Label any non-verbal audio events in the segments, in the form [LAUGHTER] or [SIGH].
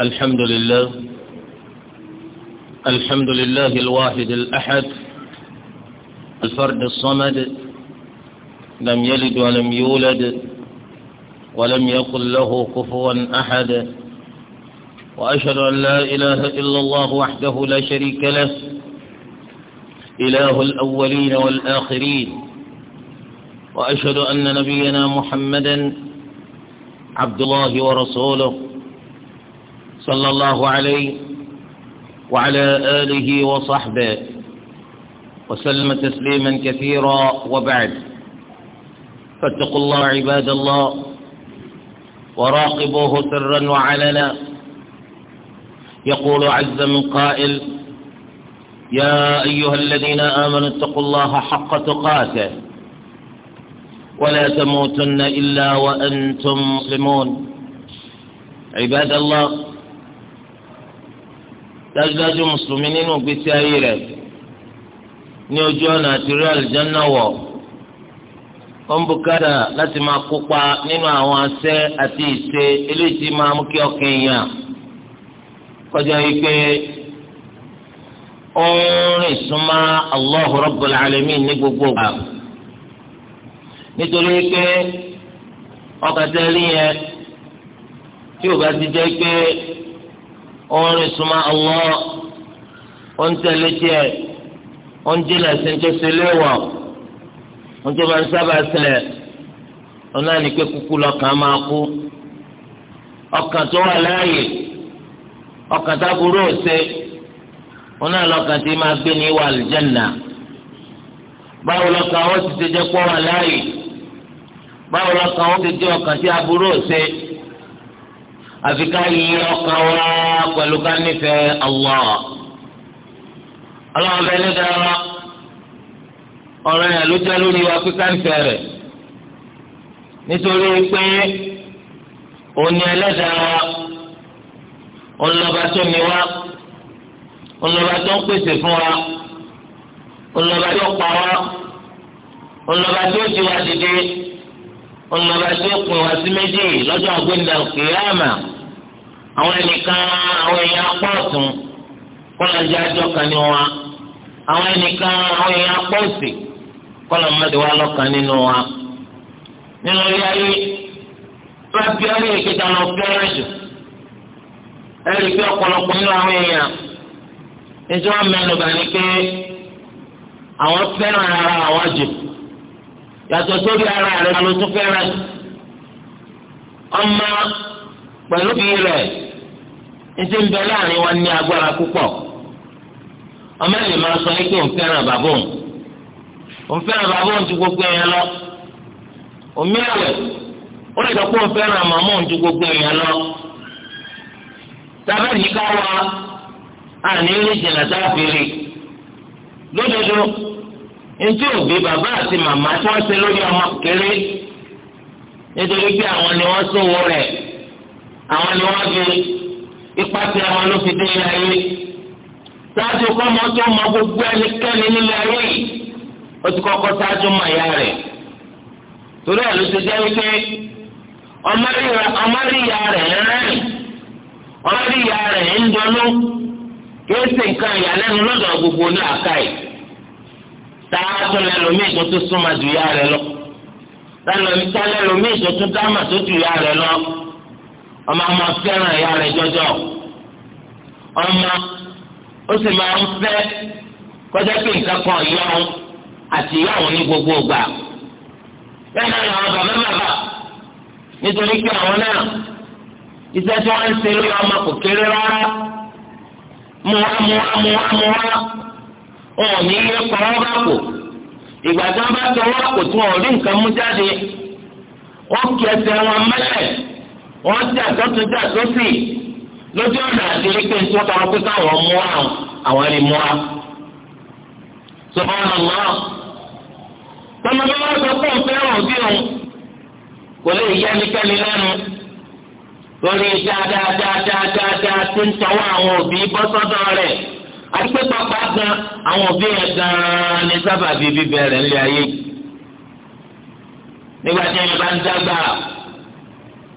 الحمد لله الحمد لله الواحد الأحد الفرد الصمد لم يلد ولم يولد ولم يقل له كفوا أحد وأشهد أن لا إله إلا الله وحده لا شريك له إله الأولين والآخرين وأشهد أن نبينا محمدا عبد الله ورسوله صلى الله عليه وعلى آله وصحبه وسلم تسليما كثيرا وبعد فاتقوا الله عباد الله وراقبوه سرا وعلنا يقول عز من قائل يا أيها الذين آمنوا اتقوا الله حق تقاته ولا تموتن إلا وأنتم مسلمون عباد الله dájúdájú mùsùlùmí nínú ìgbésí ayé rẹ ní ojú ọ̀nà àti rí àlùjáná wọ̀ ó ń bukada láti máa kópa nínú àwọn asẹ́ àti ìṣe eléyìí máa mú kí ọkàn èèyàn kọjá wípé ó ń rìn súnmọ́ Allahu Rabbul ní gbogbo nítorí pé orin súnmọ́ Allah ọ ń tẹ̀lé tiẹ̀ ó ń jìnà sí ní tó ṣe léwà ó ń tó máa ń sábà ṣẹlẹ̀ ó náà ní pé kúkú lọ́kàn máa kú ọkàn tó wà láàyè ọkàn táburú òsè ó náà lọ́kàn tí máa gbé ní báwo ó ti ṣe wà láàyè ti ọkàn tí aburú àfi ká yí ọkàn wa pẹ̀lú ká nífẹ̀ẹ́ Allah ọlọ́run bẹ́ẹ̀ ní dáná ọ̀rọ̀ yẹn ló jẹ́ lórí wa pé ká nífẹ̀ẹ́ rẹ̀ nítorí pé òní ẹlẹ́dàá wa ọlọ́ba tó ní wa ọlọ́ba tó ń pèsè fún wa ọlọ́ba tó pa wa ọlọ́ba tó jí wa dìde ọlọ́ba tó pín wa sí méjì lọ́jọ́ àgbéǹda kìí àmà. àwọn ẹnìkan àwọn èèyàn apá ọ̀tún kọ́lọ̀ ń jẹ́ àjọ ní wa àwọn ẹnìkan àwọn èèyàn apá òsì wa lọ́kàn nínú wa nínú ilé ayé wọ́n fi ìkẹta lọ jù ẹ̀rí pé ọ̀pọ̀lọpọ̀ nínú àwọn èèyàn ara àwọn jù yàtọ̀ sórí ara rẹ̀ ló tún fẹ́ràn jù ọmọ pẹ̀lú bí níṣẹ́ ń bẹ láàrin wọn ní agbára púpọ̀ ọmọ ẹ̀ lè máa sọ pé òun fẹ́ràn bàbá òun òun fẹ́ràn bàbá òun ju gbogbo ẹ̀yàn lọ omi ẹ̀wẹ̀ ó lè dọ́kọ́ òun fẹ́ràn màmá òun ju gbogbo ẹ̀yàn lọ tàbí ẹ̀yìn ká wá àní ìjìnlẹ̀ sáfìrí lódodo ntí òbí bàbá àti màmá tí wọ́n ṣe lórí ọmọ kéré nítorí pé àwọn ni wọ́n sòwò rẹ̀ àwọn ni wọ́n fi ipa tí a wọn ló fi dé ilé ayé ṣáájú kọ́mọ tó mọ gbogbo ẹnikẹ́ni nílé ayé yìí ó ti kọ́kọ́ ṣáájú mọ ìyá rẹ̀ torí ẹ̀ ló ti jẹ́ wípé ọmọríyá rẹ̀ ń rẹ́rìn ọmọríyá rẹ̀ ń dọnú kìí ṣe nǹkan ìyàlẹ́nu lọ́dọ̀ gbogbo ní àkàì ṣáájú lẹ́lòmíì tó tún súnmọ́ ju ìyá rẹ̀ lọ lẹ́lòmíì tó tún dámà tó ju ìyá rẹ̀ lọ. ọmọ ọmọ fẹ́ràn ìyá rẹ̀ jọjọ ọmọ ó sì máa ń fẹ́ kọjá pé nǹkan kan ìyá òun àti ìyá ní gbogbo ìgbà bẹ́ẹ̀ náà làwọn bàbá bàbá nítorí pé àwọn náà iṣẹ́ tí wọ́n ń ṣe lórí ọmọ kò kéré rárá muwa muwa muwa muwa wọn ò ní yẹ bá kò ìgbà tí bá wọ́n jà sọ́tún jà sósì lójú ọ̀nà àti wípé tí wọ́n tọrọ pé káwọn mú àwọn àwọn lè mú wa. sọ́kàn ọ̀nà náà tọmọdé wọn sọ pé òun fẹ́ràn òbí òun kò lè yẹ ẹnikẹ́ni lẹ́nu lórí dáadáadáadáa tí ń tọwọ́ àwọn òbí bọ́ sọ́dọ̀ rẹ̀ àti pé pápá gan àwọn òbí yẹn gan-an ní sábàbí bíbẹ̀rẹ̀ ńlẹ̀ ayé. nígbà tí ẹni bá ń dágbà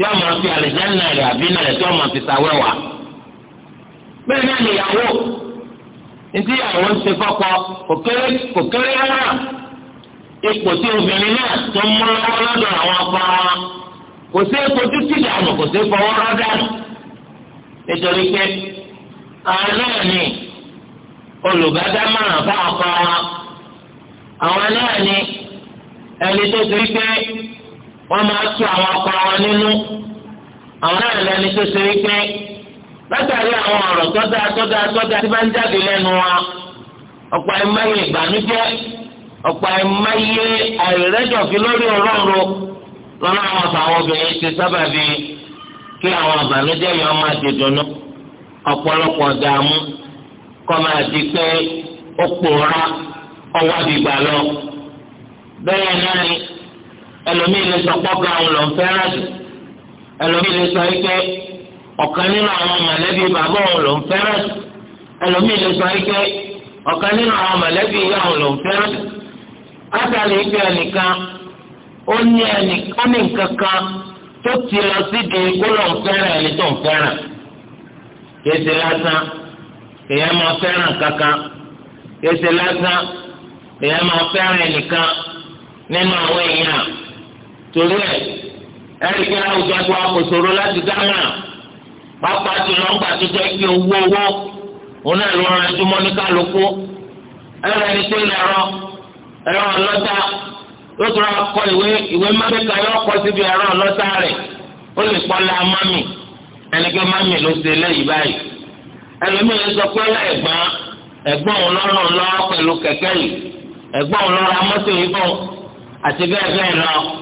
tí a máa fi àlìjáná rẹ̀ àbí náà rẹ̀ tí a máa fi sàwẹ́ wà. bẹ́ẹ̀ náà nìyàwó ntí àwọn ń ṣe fọ́kọ kò kéré rárá ipò tí obìnrin náà tó ń mú lọ́wọ́ lọ́dọ̀ àwọn ọkọ wọn kò sí epo títí dànù kò sí fọwọ́ rọ́dànù nítorí pé àwọn olùbádámọ̀ràn fáwọn ọkọ wọn àwọn náà ẹni tó ti rí pé. wọ́n máa tú àwọn ọkọ wọn nínú àwọn náà tó ṣe wípé látàrí àwọn ọ̀rọ̀ tọ́da tọ́da tí bá ń jáde lẹ́nu wa ọ̀pọ̀ ẹ̀máyé ìbànújẹ́ ọ̀pọ̀ ẹ̀máyé àìrẹ́jọ̀fí lórí ọlọ́run àwọn àtàwọn obìnrin ti sábà bí kí àwọn yẹn máa ẹlòmíì lè sọ pọ́gà òun lòún fẹ́ràn jù ẹlòmíì lè sọ pé ọ̀kan nínú àwọn mọ̀lẹ́bí bàbá òun lòún fẹ́ràn jù ẹlòmíì lè sọ pé ọ̀kan nínú àwọn mọ̀lẹ́bí ìyá òun lòún fẹ́ràn jù látàlí pé ẹnìkan ó ní nǹkan kan tó ti lọ síbi gbólóhùn fẹ́ràn ẹni tó ń fẹ́ràn kéde lásán èèyàn máa fẹ́ràn kankan kéde lásán èèyàn máa fẹ́ràn ẹnìkan nínú àwọn èèyàn. torí ẹ ẹrí pé àwùjọ àti wọn kò láti dáná pápá tó lọ ń gbà tó jẹ́ kí owó owó òun náà ní kálukú ẹni tó lè rọ ẹ̀rọ ọlọ́ta ó kọ ìwé ìwé mẹ́ríkà yóò kọ síbi mami ẹni mami ló ṣe báyìí ẹlòmíràn sọ pé òun yìí òun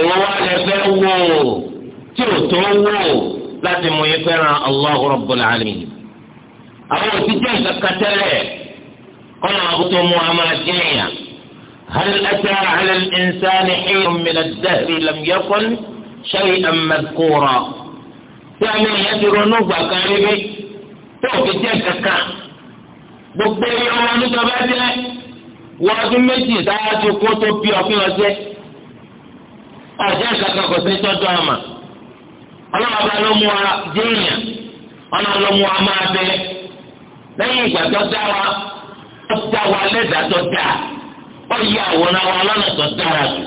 ìwọ wa lè fẹ́ wò ó tí ò tó wò ó láti mú yín fẹ́ràn Allahu Rabbul Alamin. àwọn òtítẹ́ ìkankan tẹ́lẹ̀ kọ́nà tó mú a máa dín yàn. هل أتى على الإنسان حين من الدهر لم يكن شيئا مذكورا sẹ́mi ẹ̀dúró nùgbà kan ríbi tó fi jẹ́ kankan gbogbo ìyá ọmọ nígbà bá jẹ́ wọ́n ọdún méjì tó kó tó bí ọfíì jẹ́. ọ̀jẹ́ kankan kò sí tọ́jú ama ọlọ́wọ́ bá ló mú wa déèyàn ọlọ́wọ́ ló mú wa máa bẹ lẹ́yìn ìgbà tó dá wa tó dá wa lẹ́dàá tó dá ọ wa na tó dára jù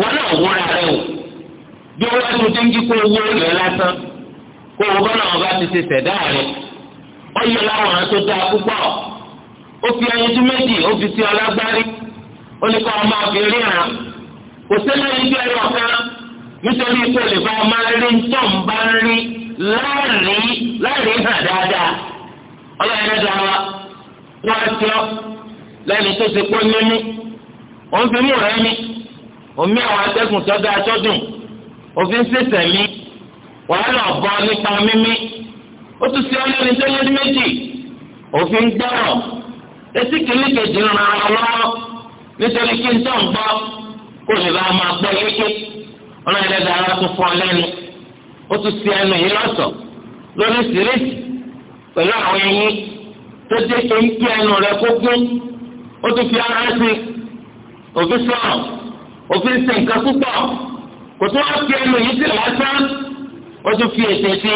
wọn náà wúra rẹ o bí wọn tún ti ń jí kó owó rẹ lásán kó owó wọn bá ti ti rẹ tó púpọ̀ ó fi ẹyin tún méjì kò sílẹ̀ ibi ẹ̀rọ kan nítorí pé olè bá ọmọ rí tó ń bá rí láàrin láàrin hàn dáadáa ọlọ́run ẹ̀dá wa wọ́n ti ọ́ lẹ́ni tó ṣe pé mímú òun fi mú rẹ̀ mi omi àwọn atẹ́gùn tó dáa tó dùn òfin ṣèṣẹ̀ mi wàhálà ọ̀bọ nípa mímí ó tún ṣe ọ́ lẹ́ni tó lé méjì òfin gbọ́rọ̀ etí kìíní kejì ń ran ọ lọ́wọ́ nítorí kí n tó ń gbọ́ kó lè bá máa gbọ́ yéké ọlọ́run ẹlẹ́dàá ara tó fún ọ lẹ́nu ó tún ti ẹnu yìí lọ́sọ̀ lórí síríìsì pẹ̀lú àwọn ẹyin tó dé kéńké ẹnu rẹ kó gún ó tún fi ara sí òfin sọ̀rọ̀ òfin sẹ̀ nǹkan púpọ̀ kò tún wá fi ẹnu yìí sí lásán ó tún fi ètè sí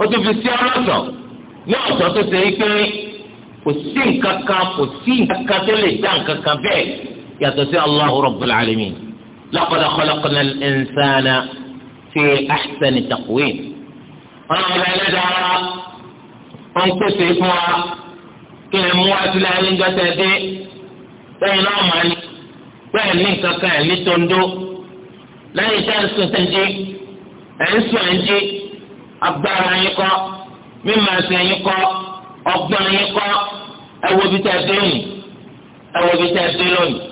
ó tún fi sí ọlọ́sọ̀ ní ọ̀sọ̀ tó ṣe é pé kò sí nǹkan kan kò sí nǹkan kan tó lè dá nǹkan kan bẹ́ẹ̀ yàtọ̀ sí Allahu Rabbul Alamin laqad khalaqnal insana fi ahsani taqwim ọlọ́run ẹlẹ́dàá wọn pèsè fún wa kí ẹ mú asílẹ̀ ayélujára dé lẹ́yìn náà máa ní bẹ́ẹ̀ ní kankan ẹ̀ ní tondo lẹ́yìn tá ń sùn tẹ́jú ẹ̀ ń sùn ẹ̀jú agbára yín kọ́ mímọ ẹsẹ̀ yín kọ́ ọgbọ́n yín kọ́ ẹ wo bí tẹ́ ẹ dé lónìí ẹ wo bí tẹ́ ẹ dé lónìí.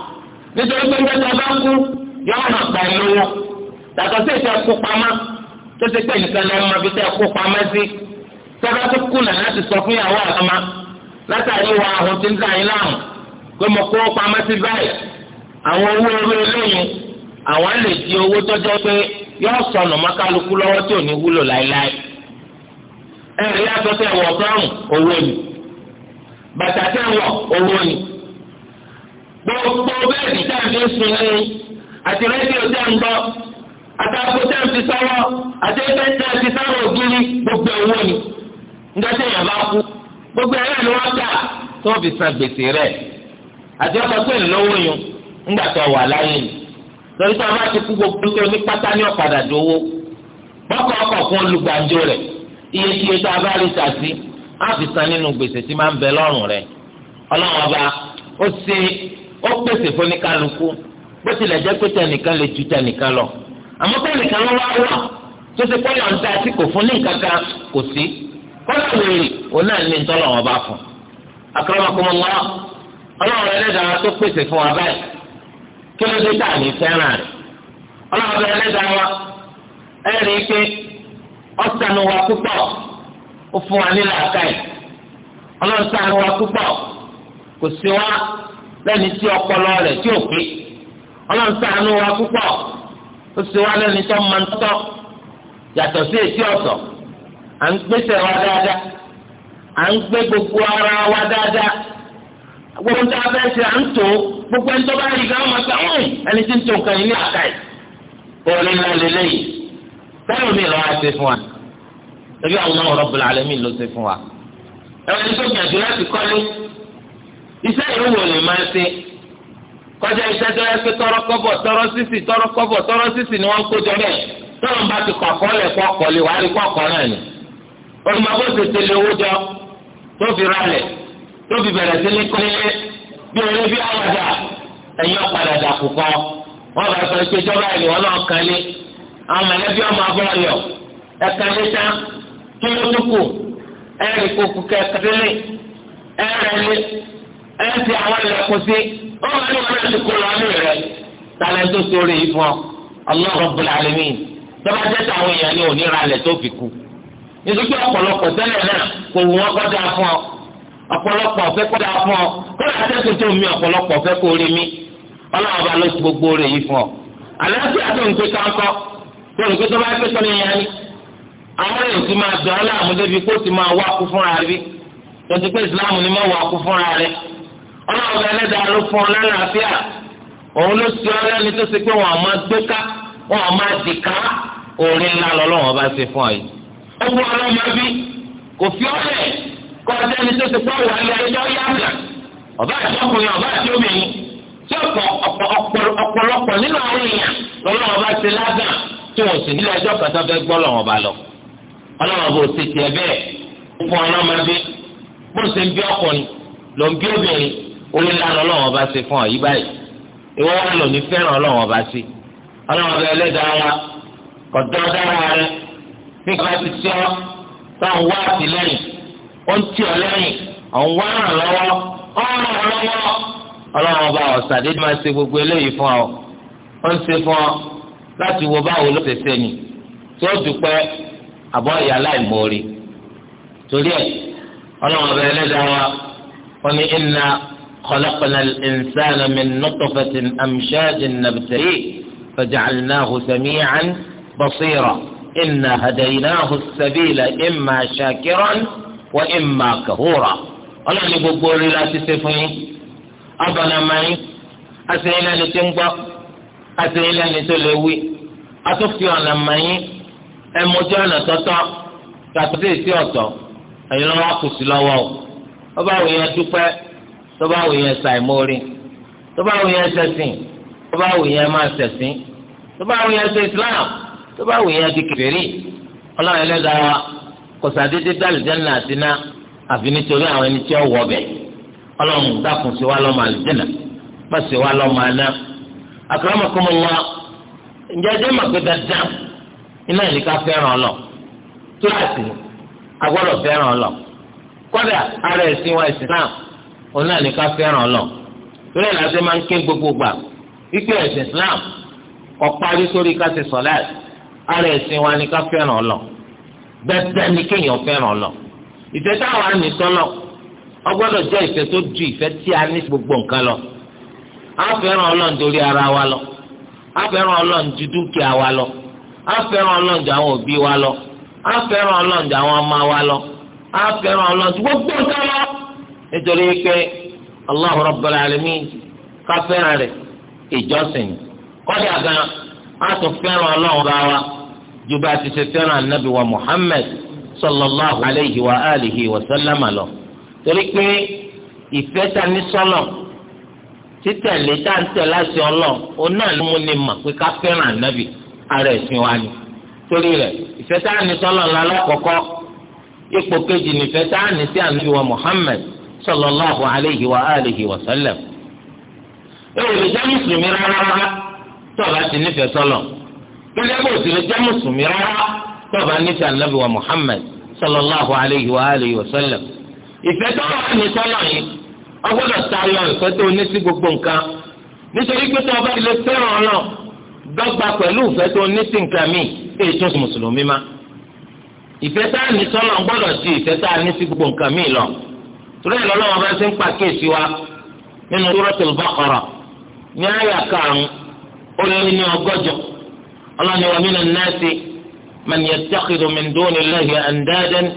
nítorí pé nígbà tó bá kú yóò hàn pa ẹ lówó yàtọ̀ sí ìfẹ́ kó pamọ́ tó ti pé nìkan lọ́wọ́ máa fi tẹ́ kó pamọ́ sí tọ́lá tó kùnà láti sọ fún ìyàwó àtọmọ látàrí wa àwọn tí ń dà yín láàmú pé mo kó pamọ́ sí báyìí àwọn owó orí eléyìí àwọn lè di owó tọ́jọ́ pé yóò sọnù mọ́kálukú lọ́wọ́ tí ò ní wúlò láéláé ẹ̀rí àtọ́tẹ̀ wọ̀ fẹ́ràn owó ni bàtà tẹ̀ wọ̀ owó ni. gbogbo bẹ́ẹ̀dì tá à ń fi sùn ní àti ń àtàkùn àti ògiri gbogbo ni gbèsè àti yun wà láyé ni lórí tó a bá ti kú gbogbo tó ní pátá ní bọ́kọ̀ ọkọ̀ fún olùgbàjọ iye tí o a bá rí gbèsè tí máa ń bẹ lọ́rùn ó pèsè fúnikálukú bó tilẹ̀ jẹ́ pé lè ju tẹnìkan lọ àmọ́ tẹnìkan ló wá wà tó ti kọ́ yọ̀ǹda tí kò fún ní kankan kò sí kọ́lá wèrè òun náà ní ntọ́lọ̀ wọn bá fún akramakumullah ọlọ́run ẹlẹ́dàá tó pèsè fún wa báyìí kí ló dé tàbí fẹ́ràn rẹ̀ ọlọ́run ẹlẹ́dàá wa ẹ̀rí pé ọ̀sánù wa púpọ̀ ó fún wa ọlọ́run wa púpọ̀ kò lẹ́ni tí ọpọlọ rẹ̀ tí ò pé ọlọ́run ṣàánú wa púpọ̀ ó sì wá lẹ́ni tó máa ń tọ́ yàtọ̀ sí èsì ọ̀tọ̀ à ń gbèsè wa dáadáa à ń gbé gbogbo ara wa dáadáa gbogbo tí a fẹ́ ṣe à ń tò gbogbo ẹni tó bá rí gan máa gbà ń hmm, ẹni tí ń tò nǹkan yìí ní àkàì orin náà lélẹ́yìí táwọn mi lọ́wọ́ ṣe fún wa ẹbí àwọn ọmọ Rabbul Alamin ló ṣe fún wa ẹ̀rọ ní tó gbìyànjú láti kọ́lé iṣẹ́ yìí wò lè máa ṣe kọjá iṣẹ́ tó yẹ pé tọrọ kọ́bọ̀ tọrọ sísì tọrọ kọ́bọ̀ tọrọ sísì ni wọ́n kójọ bẹ́ẹ̀ tọ́lọ̀ bá ti kọ̀kọ́ lẹ̀ kọ́ kọ́lé wàá rí kọ́kọ́ náà ni olùmọ̀gbọ́ tètè lè owó jọ tó fi ralẹ̀ tó fi bẹ̀rẹ̀ sí ní kọ́lé bí orí bí àwàdà ẹ̀yìn ọ̀padà dàkú kọ́ wọ́n bá sọ pé jọba ẹ̀ wọ́n náà kanlé àwọn mọ̀lẹ́bí ọmọ abọ́ọ̀lẹ̀ ẹ̀kanlé tán kí ló dúkù ẹ̀rì kókù kẹ́kẹ́lé ẹ̀rẹ́lé ẹ ti àwọn ilẹ̀kùn sí wọn wà ní wọn ti kó lọ ní rẹ tàlẹ́ tó sórí yìí fún ọ Allah Rabbul Alamin tọ́ba jẹ́ táwọn èèyàn ní òní ralẹ̀ tó fi kú nítorí ọ̀pọ̀lọpọ̀ tẹ́lẹ̀ náà kò wù wọ́n kọ́ dáa fún ọ ọ̀pọ̀lọpọ̀ ọ̀fẹ́ kọ́ dáa fún ọ kó lè àtẹ́kùn tó mi ọ̀pọ̀lọpọ̀ ọ̀fẹ́ kó rí mi ọlọ́run bá ló ti gbogbo rẹ̀ yìí fún ọ. àlàáfíà tó ń pè tó ń tó bá ọlọ́run ọba ẹlẹ́dàá ló fún ọ lálàáfíà òun ló sọ ọ lẹ́ni tó ṣe pé wọn àmọ́ gbé ká wọn àmọ́ dì ká orí ńlá lọ́lọ́run ọba ṣe fún ọ yìí. ó wú ọlọ́mọ bí kò fi ọlẹ̀ kọ́ ọ lẹ́ni tó ṣe pé wọn àlẹ́ ẹjọ́ yàgà ọba àjọkùnrin ọba àjọmìnrin tí ọ̀pọ̀lọpọ̀ nínú àwọn èèyàn lọ́lọ́run ọba ṣe lágà tí wọn sì nílẹ̀ ẹjọ́ kàtà fẹ́ gbọ́ lọ́wọ́n ọba lọ orí ńlá lọ́wọ́ ọba ṣe fún ọ yí báyìí ìwọ wọn lò ní fẹ́ràn ọlọ́wọ́ ọba ṣe ọlọ́wọ́ ọba ẹlẹ́dàá wa kọ̀dọ́ dára rẹ bí kò bá ti ṣe ọ táwọn wá àtìlẹ́yìn ó ń tì ọ lẹ́yìn ọ̀hún wá ràn lọ́wọ́ ọ̀ràn lọ́wọ́ ọlọ́wọ́ ọba ọ̀sàdé máa ṣe gbogbo eléyìí fún ọ ó ń ṣe fún ọ láti wo báwo ló ṣe ni tí ó dùpẹ́ àbọ̀ ìyá láì خلقنا الإنسان من نطفة أمشاج نبتليه فجعلناه سميعا بصيرا إنا هديناه السبيل إما شاكرا وإما كفورا ọlọ́run ní gbogbo orí la ti ṣe fún yín abànàmá yín àṣeyín lẹ́ni tó ń gbọ́ àṣeyín lẹ́ni tó lè wí atúfi ọ̀nà mà yín ẹ̀mọ́jọ́ ọ̀nà tọ́tọ́ yàtọ̀ sí èsì ọ̀tọ̀ ẹ̀yin lọ́wọ́ kùsì lọ́wọ́ o ọba òye dúpẹ́ tó bá wù yẹn ṣàìmórí tó bá wù yẹn ṣẹ̀sìn tó bá yẹn máa ṣẹ̀sìn tó bá yẹn ṣe islam tó bá wù yẹn di kèfèrí ọlọ́run ẹlẹ́dàá kò sàdédé dàlùjẹ́nà àti ná àfi nítorí àwọn ẹni tí ó wọ̀ bẹ̀ ọlọ́run dákun sí wa lọ́mọ àlùjẹ́nà má sí wa lọ́mọ àná akramakumullah ǹjẹ́ ẹjẹ́ mọ̀ pé dandan iná ìníká fẹ́ràn ọlọ kíláàsì agbọ́dọ̀ fẹ́ràn ọlọ kọ́dà ara ẹ̀sìn wa ìsìláàmù òun náà ní ká fẹ́ràn lọ torí ẹ̀ lásán máa ń ké gbogbo gbà wípé ẹ̀sìn Islam kò parí sórí ká ṣe sọ̀láàt ara ẹ̀sìn wa ní ká fẹ́ràn lọ bẹ́ẹ̀ ni kéèyàn fẹ́ràn lọ ìfẹ́ táwa ní sọ́lọ̀ ọgbọ́dọ̀ jẹ́ ìfẹ́ tó ju ìfẹ́ tí a ní gbogbo nǹkan lọ a fẹ́ràn Ọlọ́run torí ara wa lọ a fẹ́ràn Ọlọ́run ju dúkìá wa lọ a fẹ́ràn Ọlọ́run ju àwọn òbí wa lọ a fẹ́ràn Ọlọ́run ju àwọn ọmọ wa lọ a fẹ́ràn Ọlọ́run ju gbogbo nǹkan lọ. nítorí pé Allahu Rabbul Alamin ká fẹ́ràn rẹ̀ ìjọsìn kọ́dà gan a tún fẹ́ràn ọlọ́run bá wa ju bá a ti ṣe fẹ́ràn wa Muhammad sallallahu alayhi wa alihi wa lọ torí pé ìfẹ́ ta ní sọ́lọ̀ títẹ̀lé tá ń tẹ̀ láti anabi ara ẹ̀sìn wa ni torí rẹ̀ ìfẹ́ ní sọ́lọ̀ sallallahu alayhi wa alihi wa sallam èyí lè jẹ́ mùsùlùmí rárá tọ́ba ti nífẹ̀ẹ́ sọ́lọ̀ kílẹ̀ bó sì lè jẹ́ mùsùlùmí rárá tọ́ba nífẹ̀ẹ́ anabi wa muhammad sallallahu alayhi wa alihi wa sallam ìfẹ́ tọ́ba ní sọ́lọ̀ yìí ọgbọ́dọ̀ tayọ ìfẹ́ tó ní sí gbogbo nǹkan nítorí pé tọ́ba ilé fẹ́ràn náà dọ́gba pẹ̀lú ìfẹ́ tó ní sí nǹkan míì èyí tó mùsùlùmí má ìfẹ́ tá a ní sọ́lọ̀ ń gbọ́dọ̀ sí ìfẹ́ tá a ní sí gbogbo nǹkan míì lọ torí ẹ̀ lọ́nà bá ṣe ń pàkíyèsí wa nínú Suratul Baqara ní àyà karùn-ún ó lé ní ọgọ́jọ ọlọ́ni wa minan nasi man yattakhidhu min dunillahi andadan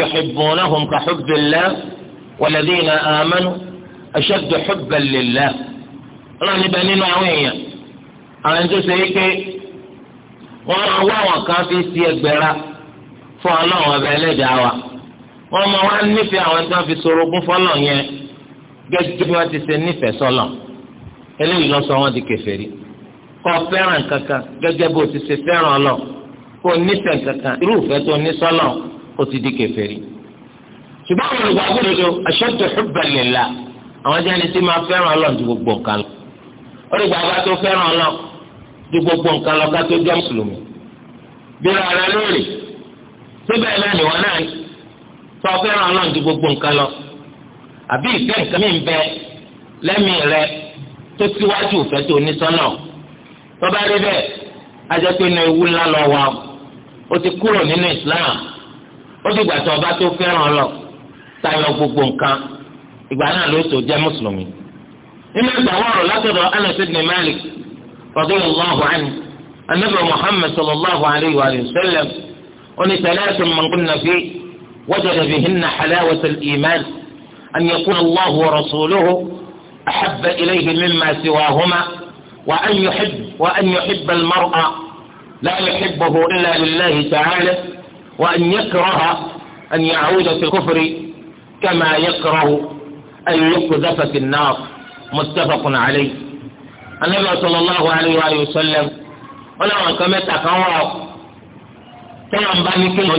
yuhibbunahum ka hubbillah walladhina amanu ashaddu hubban lillah ọlọ́ni bẹ nínú àwọn èèyàn àwọn tó ṣe é pé wọ́n wá àwọn kan fi sí ẹgbẹ́ra fún ọlọ́run ọba ẹlẹ́dàá wa. wọn mọ wọn nífẹ̀ẹ́ àwọn tí wọn fi sorogún fọlọ yẹn gẹ́gẹ́ bí wọn ti ṣe nífẹ̀ẹ́ sọlọ eléyìí lọ sọ wọn di kèfèrí kọ fẹ́ràn kankan gẹ́gẹ́ bó ti ṣe fẹ́ràn ọlọ kó nífẹ̀ẹ́ kankan irúfẹ́ tó ní sọlọ ó ti di kèfèrí. ṣùgbọ́n àwọn olùgbà gbọdọdọ ashaddu hubban lillah àwọn jẹ́ni tí máa fẹ́ràn ọlọ ju gbogbo nǹkan lọ olùgbà bá tó fẹ́ràn ọlọ ju gbogbo nǹkan lọ ká tó jẹ́ mùsùlùmí bí ara lóore síbẹ̀ náà ni wọn náà tó fẹ́ràn ọlọ́run ju gbogbo nǹkan lọ àbí ìfẹ́ nǹkan mi ń bẹ lẹ́mìí rẹ tó síwájú ìfẹ́ tó ní sọ́nà tó bá rí bẹ́ẹ̀ á jẹ́ pé inú ewu ńlá lọ wà ó ti kúrò nínú Islam ó dìgbà tó ọba tó fẹ́ràn ọlọ tayọ gbogbo nǹkan ìgbà náà ló tó jẹ́ mùsùlùmí. nínú ìgbà wọ̀rọ̀ látọ̀dọ̀ Anas Malik radiyallahu anhu وجد بهن حلاوة الإيمان أن يكون الله ورسوله أحب إليه مما سواهما وأن يحب وأن يحب المرأة لا يحبه إلا لله تعالى وأن يكره أن يعود في الكفر كما يكره أن يقذف في النار متفق عليه النبي صلى الله عليه وآله وسلم ولو كما تقوى كما بني كل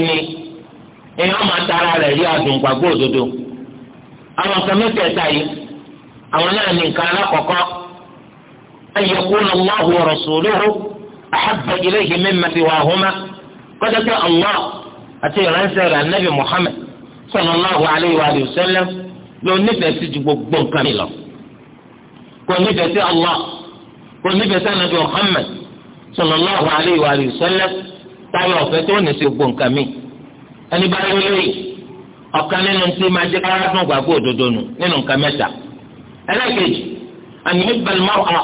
èèyàn máa tara rẹ̀ rí adùn gbàgbọ́ òdodo àwọn nǹkan mẹ́tẹ̀ẹ̀ta yìí àwọn náà ní nǹkan alákọ̀ọ́kọ́ ayẹkùnà Allahu wa rasuluhu ahabba ilayhi mimma siwahuma kọ́tẹ́tẹ́ Allah àti ìránṣẹ́ rẹ̀ anabi Muhammad sallallahu alayhi wa sallam ló nífẹ̀ẹ́ sí ju gbogbo nǹkan mi lọ kò nífẹ̀ẹ́ sí Allah kò nífẹ̀ẹ́ sí anabi Muhammad sallallahu alayhi wa sallam táyọ̀ ọ̀fẹ́ tó ní sí gbogbo nǹkan mi ẹni bá rí lóyè ọ̀kan nínú tí máa jẹ́ kára fún gbàgbọ́ òdodo nù nínú nǹkan mẹ́ta ẹlẹ́kejì àní balùwẹ̀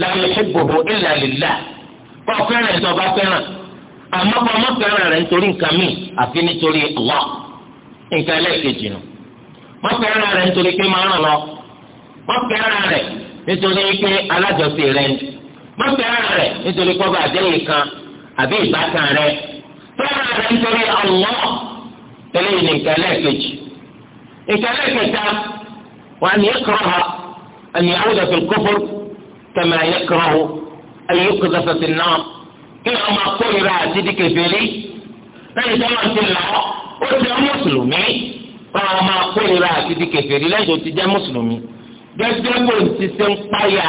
làwọn ìṣègbòho ìlà lílà kọ́ fẹ́ràn ẹ̀ tó bá fẹ́ràn àmọ́ kọ́ ọmọ fẹ́ràn rẹ̀ nítorí nǹkan míì àfi nítorí Allah nǹkan ẹlẹ́kejì nù wọ́n fẹ́ràn rẹ̀ nítorí pé máa ràn lọ wọ́n fẹ́ràn rẹ̀ nítorí pé alájọsìn rẹ̀ wọ́n fẹ́ràn rẹ̀ nítorí kọ́ fẹ́ràn rẹ̀ nítorí Allah eléyìí ní nǹkan lẹ́ẹ̀kejì nǹkan lẹ́ẹ̀kẹta wà ní yakraha an ya'uda fil kufr kama yakrahu an yuqdhafa fin nar kí wọ́n máa kórìíra àti dìkẹ̀ fèrè lẹ́yìn tó máa ti là ọ́ ó ti jẹ́ mùsùlùmí wọ́n máa kórìíra àti dìkẹ̀ lẹ́yìn tó ti jẹ́ mùsùlùmí gẹ́gẹ́ bó ti ṣe ń páyà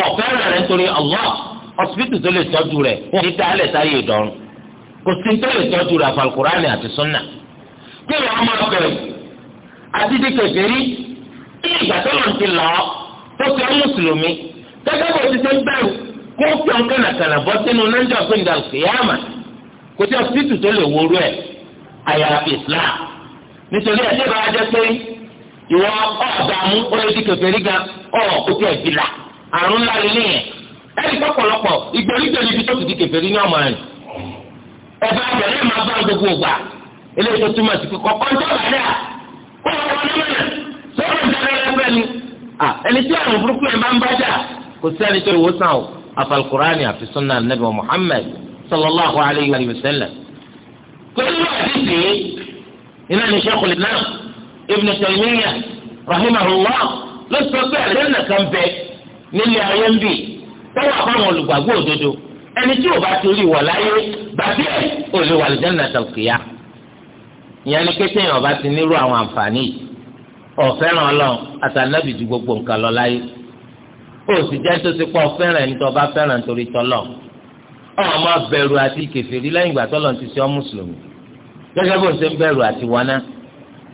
ọ̀fẹ́ràn rẹ̀ nítorí Allah ọsibítù tó lè tọ́jú rẹ̀ wọ́n ti dá alẹ̀ sáyé ìdọ́rùn kò sí tó lè tọ́jú rẹ̀ àfàlùkùránì àti sunna kí ìyá ọmọ ọbẹ̀ àdídí kẹfẹ́rí kí ìgbà tó lọ ti lọ tó fi ọmọ mùsùlùmí gẹ́gẹ́ bó ti ṣe ń bẹ̀rù kó fi ọ̀n kànàkànà bọ́ sínú nàìjíríà fún ìdàlùkìyàmà kò sí ọsibítù tó lè wọrú ẹ̀ àyàfi fi là àrùn ńlá lélẹ̀ yẹn ẹni pọ̀pọ̀lọpọ̀ ìgbèríko níbi tó fìdí kẹfẹ́ rí ní ọmọ rẹ̀ ẹ̀fà àgbẹ̀rẹ̀ máa bá gbogbo ògbà eléyìí tó túmọ̀ sí kíkọ́ kọ́ńtọ́ọ̀lá kò sẹ́ni tó wò sàn o afalkurani àfi sunna anabi muhammed sallallahu alayhi wa sallam. pẹ̀lú àdìsí iná ní sheikh olùdá ibn taymiya rahimahullah ló sọ pé àlejò kan bẹ nílé ayé ń bì tọ́wọ́ àbáwọn olùgbàgbọ́ òdodo ẹni tí ò bá torí wọ̀ láyé bàbí ẹ̀ ò lè wà lójà nàta òkèèyà ìyẹn ni kété yẹn ọba ti nírú àwọn àǹfààní ọ̀fẹ́ràn ọlọ́run àtànábì ju gbogbo nǹkan lọ láyé ó sì jẹ́ tó ti pọ̀ fẹ́ràn ẹni tó bá fẹ́ràn torí tọ́lọ̀ ọ̀hún máa bẹ̀rù àti kèfèrí lẹ́yìn ìgbà tọ́lọ̀ ti ṣe ọ́ mùsùlùmí gẹ́gẹ́ bó ń ṣe ń bẹ̀rù àti wọná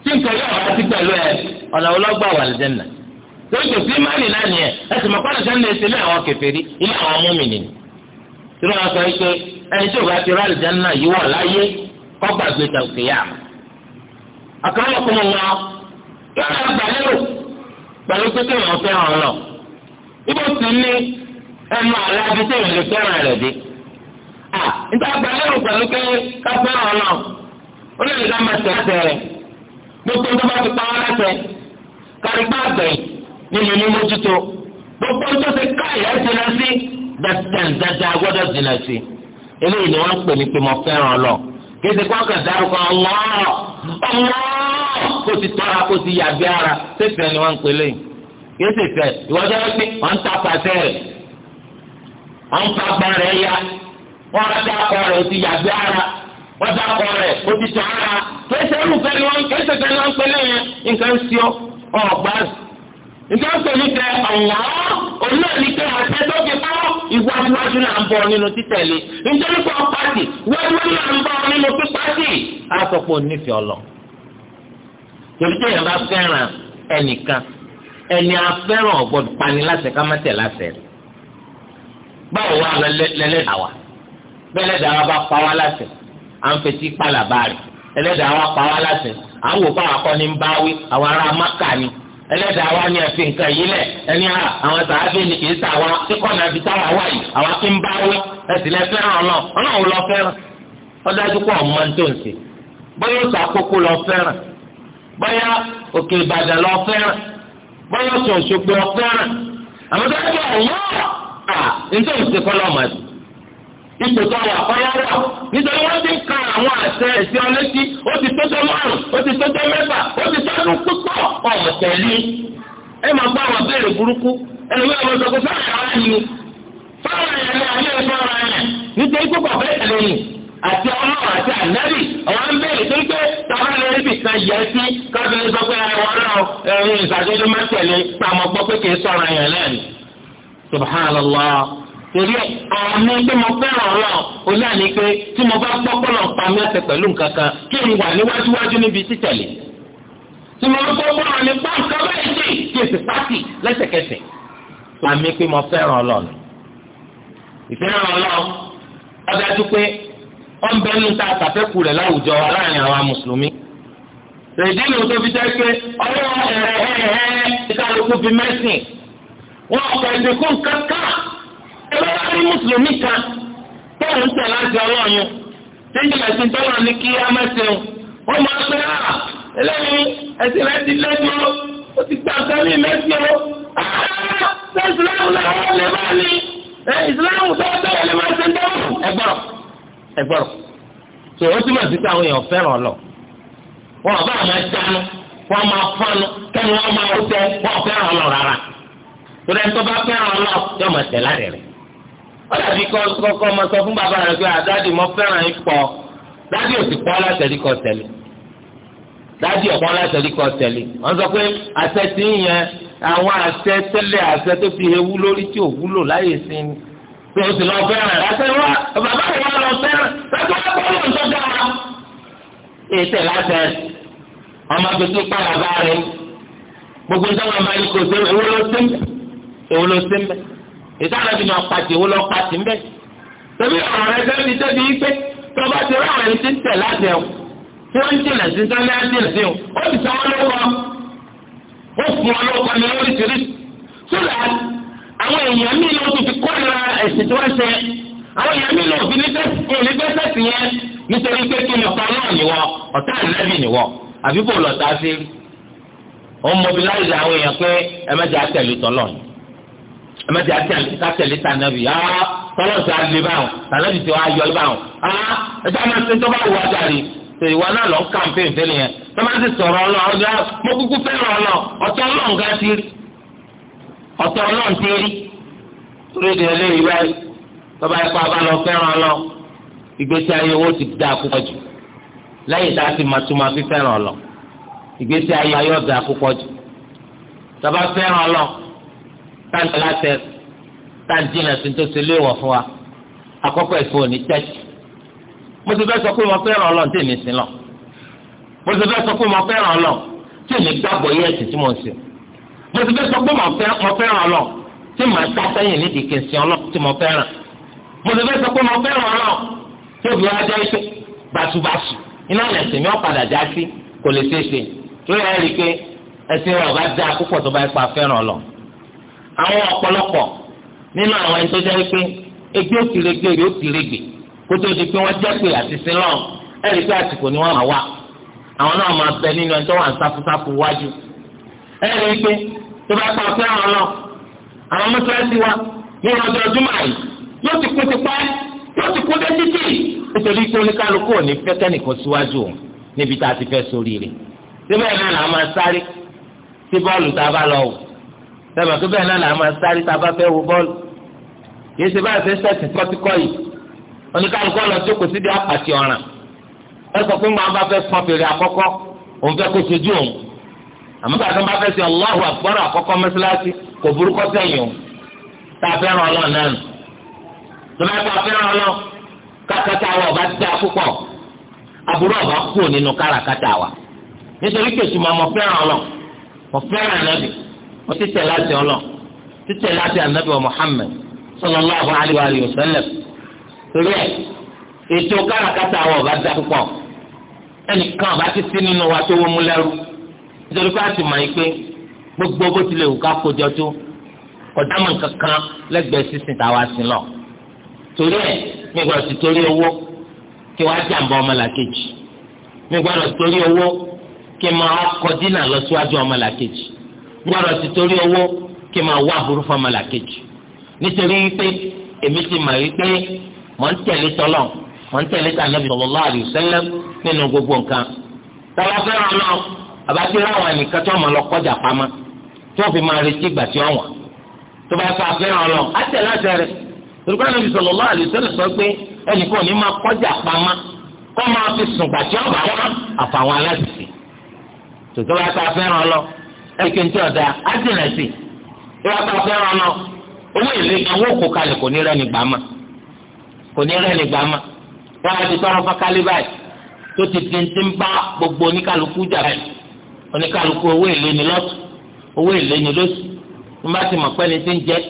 tí nǹkan yóò wá sí pẹ̀lú ẹ ọ̀nà ọlọ́gbà wà lẹ́jẹ̀ náà torí kò sí mánì náà nìyẹn ẹsùn mọ̀ pàdé sẹ́ni ẹsẹ̀ náà àwọn kèfèrí ilé àwọn múmìnì tí wọ́n sọ pé ẹni tí ò bá ti rà lìjẹ́ náà yìí wọ̀ láyé kọ́ gbàgbé wọn yọ̀ọ́ lérò pẹ̀lú pé fẹ́ràn lọ. ibo sì ní ẹnu àlàbí tí èèyàn lè fẹ́ràn rẹ̀ dé. à níta lérò pẹ̀lú lọ. nínú mímójútó gbogbo tó ti ká ìyá jìnnà sí dáadáa gbọ́dọ̀ jìnnà sí eléyìí ni wọ́n ń pè ní pé mo fẹ́ràn lọ kí ẹsẹ̀ kọ́ kàn dárúkọ ọ̀wọ́ ọ̀wọ́ kó ti tọ́ra kó ti yàgbé ara sẹ́fẹ̀ ni wọ́n ń pè lẹ́yìn kí ẹsẹ̀ fẹ́ ìwọ́jọ́ pé wọ́n ń ta pàṣẹ rẹ̀ wọ́n ń fagbọ́n rẹ̀ ya wọ́n á dákọ rẹ̀ ó ti yàgbé ara wọ́n dákọ rẹ̀ ó ti tọ́ ara kí ẹsẹ̀ rúfẹ́ ni wọ́n ń pè lẹ́yìn nǹkan ń ṣ ìjọsìn ní kẹ ọ̀wọ́ olóò ní kẹ àṣẹ tó fi kọ́ ìwájúwájú là ń bọ̀ nínú títẹ̀lé nítorí pọ̀ pàtì wájúwájú là ń bọ̀ nínú pípàtì. a sọ pé onífẹ̀ẹ́ ọlọ torí pé èèyàn bá fẹ́ràn ẹnìkan ẹni afẹ́ràn ọ̀gbọ́dọ̀ pani láṣẹ ká má tẹ̀ láṣẹ rẹ̀ báwo wà lẹ́lẹ́dàá wa bẹ́lẹ́dàá wa bá pa wá láṣẹ à ń fetí pàlàbà rẹ̀ ẹlẹ́dàá wa pa wá láṣẹ à ń wò pàwọn akọni ń báwí àwọn ará mákà ni. ẹlẹ́dàá wa ni ẹ̀fin nǹkan yìí lẹ̀ ẹni à àwọn ni kìí sà wá kíkọ́ náà fi táwa wá yìí àwa fi ń bá wí ẹ̀sìn lẹ fẹ́ràn ọlọ́run ọlọ́run lọ fẹ́ràn ọdájú pọ̀ ọmọ tó ń sè bóyá ọ̀sà àkókò lọ fẹ́ràn bóyá òkè ìbàdàn lọ fẹ́ràn òṣogbo lọ fẹ́ràn ń tó ń sè ipò tó wà fọyọ́ wà nítorí wọ́n ti ka àwọn àṣẹ ẹ̀sìn ọlẹ́sí ó ti tọ́jọ́ márùn-ún ó ti tọ́jọ́ mẹ́fà ó ti tọ́jọ́ púpọ̀ ọ̀rọ̀ tẹ̀lé ẹ máa bá àwọn béèrè burúkú ẹlòmí ọmọ ìdókòwò fáwọn ará ni fáwọn ẹ̀yà ni àlẹ́ ẹ̀fọ́ ara rẹ̀ nítorí púpọ̀ bẹ́ẹ̀ tẹ̀lé ni àti ọlọ́run àti ànábì àwọn ń béèrè tó ń pé táwọn ẹ̀rọ ibì kan yẹ sí kábíyèsí sọ pé àwọn ọlọ́run ẹ̀rọ ìṣàjọyọ̀ máa tẹ̀lé pàmò gbọ́ pé kì í sọ̀rọ̀ ẹ̀yàn náà ni subhanallah torí ẹ àmì pé mo fẹ́ràn ọlọ́run ó náà ní pé tí mo bá gbọ́ pọ́lọ̀ pa mí ẹsẹ̀ pẹ̀lú nǹkan kan kí n wà níwájúwájú níbi títẹ̀lé tí mo gbọ́ pọ́lọ̀ ní pa nǹkan báyìí sí kí èsì pátì lẹ́sẹ̀kẹsẹ̀ àmì pé mo fẹ́ràn ọlọ́run ìfẹ́ràn ọlọ́run ó dájú pé ó ń bẹ nínú ta àtàfẹ́kù rẹ̀ láwùjọ láàrin àwọn mùsùlùmí rèdíìnì ẹgbẹ́ wa ní mùsùlùmí kan bọ́ọ̀lù ń tẹ̀lé àti ọlọ́run tẹ́jú ẹ̀sìn tọ́lọ̀ ní kí á má ṣeun ó máa pẹ́ à ah, ẹlẹ́yìn ẹ̀sìn rẹ̀ ti lẹ́jọ́ ó ti gbà sẹ́mi mẹ́sì o ah, ṣé ìsìláàmù náà wọ́n lè máa ní ìsìláàmù tó bẹ̀rẹ̀ lè máa ṣe ń dẹ́rù ẹgbọ́rọ̀ ẹgbọ́rọ̀ tó o túmọ̀ sí pé àwọn èèyàn fẹ́ràn lọ wọn ò bá máa jánu wọn máa fọnu kẹ́ni wọn máa wọ́tẹ́ wọn ò fẹ́ràn lọ rárá torí ẹni tó bá fẹ́ràn lọ yóò máa tẹ̀ láàrin rẹ̀ ọlọ́dún kọ́kọ́ máa sọ fún bàbá rẹ̀ pé àdáàdì mọ́ fẹ́ràn yín pọ̀ dáàdì ò sì pọ́ látẹ̀lé kọ́ tẹ̀lé dáàdì ọ̀pọ̀ látẹ̀lé kọ́ tẹ̀lé wọ́n sọ pé àṣẹ tí ń yẹn àwọn àṣẹ tẹ́lẹ̀ àṣẹ tó fi ewu lórí tí ò wúlò láyè sí ni pé o sì lọ fẹ́ràn àṣẹ wa bàbá rẹ̀ wá lọ fẹ́ràn bàbá rẹ̀ wá lọ tó dára. ètè látẹ ọmọ tuntun pa bàbá rẹ̀ gbogbo ìjọba máa ń kó sí ètò àlọ́bí máa pàtì owó lọ́ọ́ pàtì ń bẹ̀. tẹ̀bí ọ̀rọ̀ rẹ sẹ́ni tẹ́bi ipe tó bá ti rán àwọn ẹni tẹ̀ láti ẹ̀ tí wọ́n ń jìnà sí sọ́ni á jìnà sí ó ti sọ wọn lọ́wọ́ ó fún wọn lọ́wọ́ ní oríṣiríṣi. sọ́dà àwọn èèyàn mi ló ti fi kọ́ ìlera ẹ̀sìn tí wọ́n ṣe àwọn èèyàn mi ló fi ní fẹ́sẹ̀sì yẹn nítorí pé kí ọ̀tá náà nìwọ ọ̀tá ànábì nìwọ àbí bò lọ́tà sí. ó mobilize ẹ má ti àti àlùkà tẹ̀lé ta nàbì á tọ́lọ̀ sí alẹ́ báwọn tànàbì tí wọ́n á yọ ọ́ báwọn á ẹ jẹ́ àwọn ẹsẹ̀ tó bá wù wá dàrí tèyí wa náà lọ ń kàmpéyìn fẹ́ nìyẹn tó má ti sọ̀rọ̀ ọlọ́ ọjọ́ mo kúkú fẹ́ràn ọlọ́ ọ̀tọ̀ ọlọ́run ga ti rí ọ̀tọ̀ ọlọ́run ti rí torí ìdílé léyìí báyìí tọ́ba ẹ̀kọ́ abalọ̀ fẹ́ràn ọlọ́ ìgbésí ayé owó ti dáa púpọ̀ jù lẹ́yìn tá a ti máa túmọ̀ fífẹ́ràn ọlọ́ ìgbésí ayé ayé ọ̀dà púpọ̀ jù tọ́ba fẹ́ràn ọlọ́ táǹtì láti táǹtì náà ti tó ṣe léèwọ̀ fún wa àkọ́kọ́ ẹ̀fọ́ ní tẹ́tì mo ti fẹ́ sọ pé mo fẹ́ràn ọlọ́run tí èmi sin lọ mo ti fẹ́ sọ pé mo fẹ́ràn ọlọ́run tí èmi gbàgbọ́ yẹ ẹ̀sìn tí mo ń sìn mo ti fẹ́ sọ pé mo fẹ́ràn ọlọ́run tí màá ta sẹ́yìn nídìí kì í sin ọlọ́run tí mo fẹ́ràn mo ti fẹ́ sọ pé mo fẹ́ràn ọlọ́run tí òbí wa jẹ́ iṣẹ́ bàṣubàṣu iná ẹ̀sìn mi ọ̀padà já sí kò lè ṣeé ṣe lórí ẹ̀rí pé ẹ̀sìn rẹ̀ ọ̀gá dá púpọ̀ tó bá ẹ àwọn ọ̀pọ̀lọpọ̀ nínú àwọn ẹni tó jẹ́ pé ẹgbẹ́ òtìlẹ́gbẹ́ rẹ̀ òtìlẹ́gbẹ́ kó tó di pé wọ́n jẹ́ pé àti sílọ̀ ẹ̀rí pé àsìkò ni wọ́n máa wà àwọn náà máa bẹ nínú ẹni tó wà ń sáfúsáfú wájú ẹ̀rí pé tó bá pa ọ̀fẹ́ àwọn lọ àwọn mọ́sálásí wa ní ọjọ́ júmọ̀ yìí yóò ti kú ti pẹ́ yóò ti kú dé títì nítorí pé oníkálukú ò ní fẹ́ kẹ́nìkan síwájú òun níbi tá a ti fẹ́ sórí rẹ̀ síbẹ̀ náà làwọn máa sáré sí bọ́ọ̀lù tá a bá lọ wò sẹ́mi àti bẹ́ẹ̀ náà là máa sáré tá a bá fẹ́ wo bọ́ọ̀lù yìí ṣe báyìí fẹ́ sẹ́ẹ̀tì kọ́tíkọ́ yìí oníkálukọ́ lọ jókòó sí di apàtì ọ̀ràn ẹ sọ pé màá bá fẹ́ pọn fèrè àkọ́kọ́ òun fẹ́ kó sojú òun àmọ́ bá tó bá fẹ́ sẹ́ Allahu Akbar àkọ́kọ́ mẹ́sàlásì kò burúkọ́ sẹ́yìn òun tá a fẹ́ràn ọlọ́run náà nù tó bá a fẹ́ràn ọlọ́run kárakátà wa ọba dá púpọ̀ aburú ọba kú nínú kárakátà wa nítorí kèsì mọ̀ fẹ́ràn ọlọ́run mọ̀ fẹ́ràn ẹ̀nàbì wọ́n ti tẹ̀ láti ọlọ́ ti tẹ̀ láti anabi wa Muhammad sallallahu alayhi wa sallam torí ẹ̀ ètò káràkátà wa ọba dá púpọ̀ ẹnìkan ọba ti sí nínú wa tó wọ́n mú lẹ́rú nítorí pé a ti mọ̀ yìí pé gbogbo bó tilẹ̀ wù ká kójọ tó ọ̀dàmọ̀ kankan lẹ́gbẹ̀ẹ́ sísìn táwa sí lọ torí ẹ̀ mi gbọ́dọ̀ ti torí owó kí wọ́n á jàǹbá ọmọlàkejì mi gbọ́dọ̀ torí owó kí n máa kọdínà lọ síwájú ọmọlàkejì gbọ́dọ̀ ti torí owó kí máa wá aburú fọmọlà kejì nítorí wípé èmi ti mọ̀ wípé mọ̀ ń tẹ̀lé tọ́lọ̀ mọ̀ ń tẹ̀lé tànàbí sallallahu alaihi wasallam nínú gbogbo nǹkan tọ́lá fẹ́ràn náà àbátí ráwọn nìkan tó mọ̀ lọ kọjá pamọ́ tó fi máa retí ìgbà tí ó wọ̀n tó bá fẹ́ fẹ́ràn náà á tẹ̀ láti rẹ̀ tòlúkọ́ ànàbí sallallahu alaihi wasallam sọ pé ẹnìkan ní máa kọjá pamọ́ kó máa fi sùn gbà tí ó bá wọn àfàwọn aláṣẹ tòtò bá fẹ́ràn náà ẹ̀kẹ́ ní tí ọ̀dà á sì nà sí ìwà tó fẹ́ràn náà owó èlé owó kò kalẹ̀ kò ní rẹ́ni gbàmà kò ní rẹ́ni gbàmà wọ́n á ti tọrọ fákálí báyìí tó ti ti ti ń bá gbogbo oníkàlùkù jà báyìí oníkàlùkù owó èlé ni lọ́tù owó èlé ni lọ́tù wọ́n bá ti mọ̀ pé ẹni tí ń jẹ́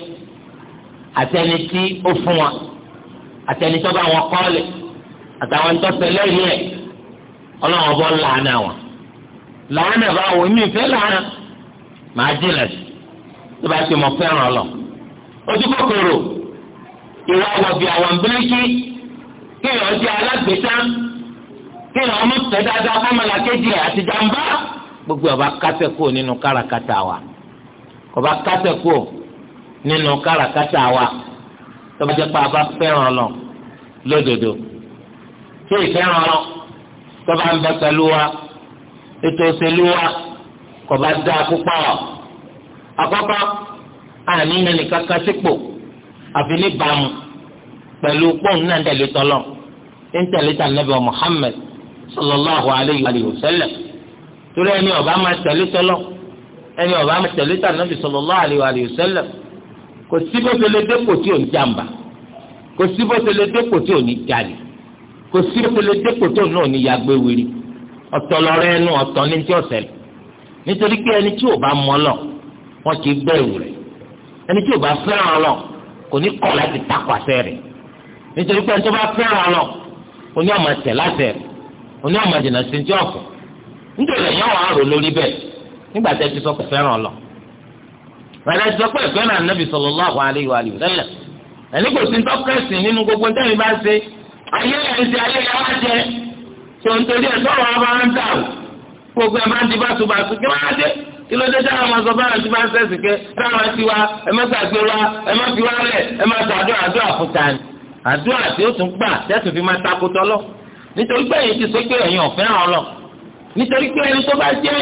àtẹni tí ó fún wa àtẹni tó bá wọn kọ́ọ̀lì àtàwọn tó tẹ̀lé ẹ̀ ọlọ́run ọbọ̀ làánà wọn làánà báwo èmi ìfẹ́ làánà màá jìnà sí tó bá ṣe mọ fẹ́ràn lọ. ojú kòkòrò ìwà wọ̀bì àwọn bíríkì kí èèyàn jẹ́ alágbèéta kí èèyàn mú tẹ̀ dáadáa fọ́mọlá kejì àti jàmbá gbogbo ọba kásẹ̀ kúrò nínú káràkátà wa ọba kásẹ̀ kúrò nínú káràkátà wa tó bá jẹ́ pé a bá lọ lódodo tí ìfẹ́ràn lọ tó bá ń bẹ pẹ̀lú wa ètò òṣèlú wa kọba dá púpọ̀ àkọ́kọ́ àníyàn nìkan kan sípò àfi níbàámu pẹ̀lú pọ́ùn náà tẹ̀lé tọ́lọ̀ ń tẹ̀lé tà nàbẹ̀ wa Muhammad sallallahu alayhi wa sallam torí ẹni ọba máa tẹ̀lé tọ́lọ̀ ẹni ọba máa tẹ̀lé tà nàbẹ̀ sallallahu alayhi wa sallam kò síbò tó lè dépò tí ò ní jàmbá kò síbò tó lè tí ò ní jalè kò síbò tó lè dépò tó ní yàgbé wiri ọ̀tọ̀ ẹnu ọ̀tọ̀ ní tí ọ̀sẹ̀ nítorí pé ẹni tí ò bá mọ lọ wọn kì í bẹ̀rù rẹ̀ ẹni tí ò bá fẹ́ràn lọ kò ní kọ̀ láti àṣẹ nítorí pé ẹni tó bá lọ oní ọmọ tẹ̀ láṣẹ oní ọmọ dènà sí ti ọ̀fọ̀ nítorí ẹ̀yìn àwọn àrò lórí bẹ́ẹ̀ nígbà tẹ́ ti sọ pé fẹ́ràn lọ wàlẹ́ ti sọ pé fẹ́ràn anábì sallallahu alaihi wa sallam ẹni kò sí ń tọ́kẹ́sì nínú gbogbo tẹ́lẹ̀ bá ṣe ayé ẹ̀ ń ṣe ayé ẹ̀ wá jẹ tó ẹ̀ sọ̀rọ̀ ọba ń o. gbogbo ẹ máa ń di báṣubàṣu kí wọ́n á dé kí ló dé dáhùn máa sọ bá àwọn tí bá ń sẹ́sì pé dáhùn àti wa ẹ má sàgbé wa ẹ má fi wá rẹ̀ ẹ má sọ àdúrà àdúrà fúta ni àdúrà tí ó tún gbà tẹ́sùn fi máa takotọ́ lọ nítorí pé èyí ti sọ pé ẹ̀yin ọ̀fẹ́ ràn lọ nítorí pé ẹni tó bá jẹ́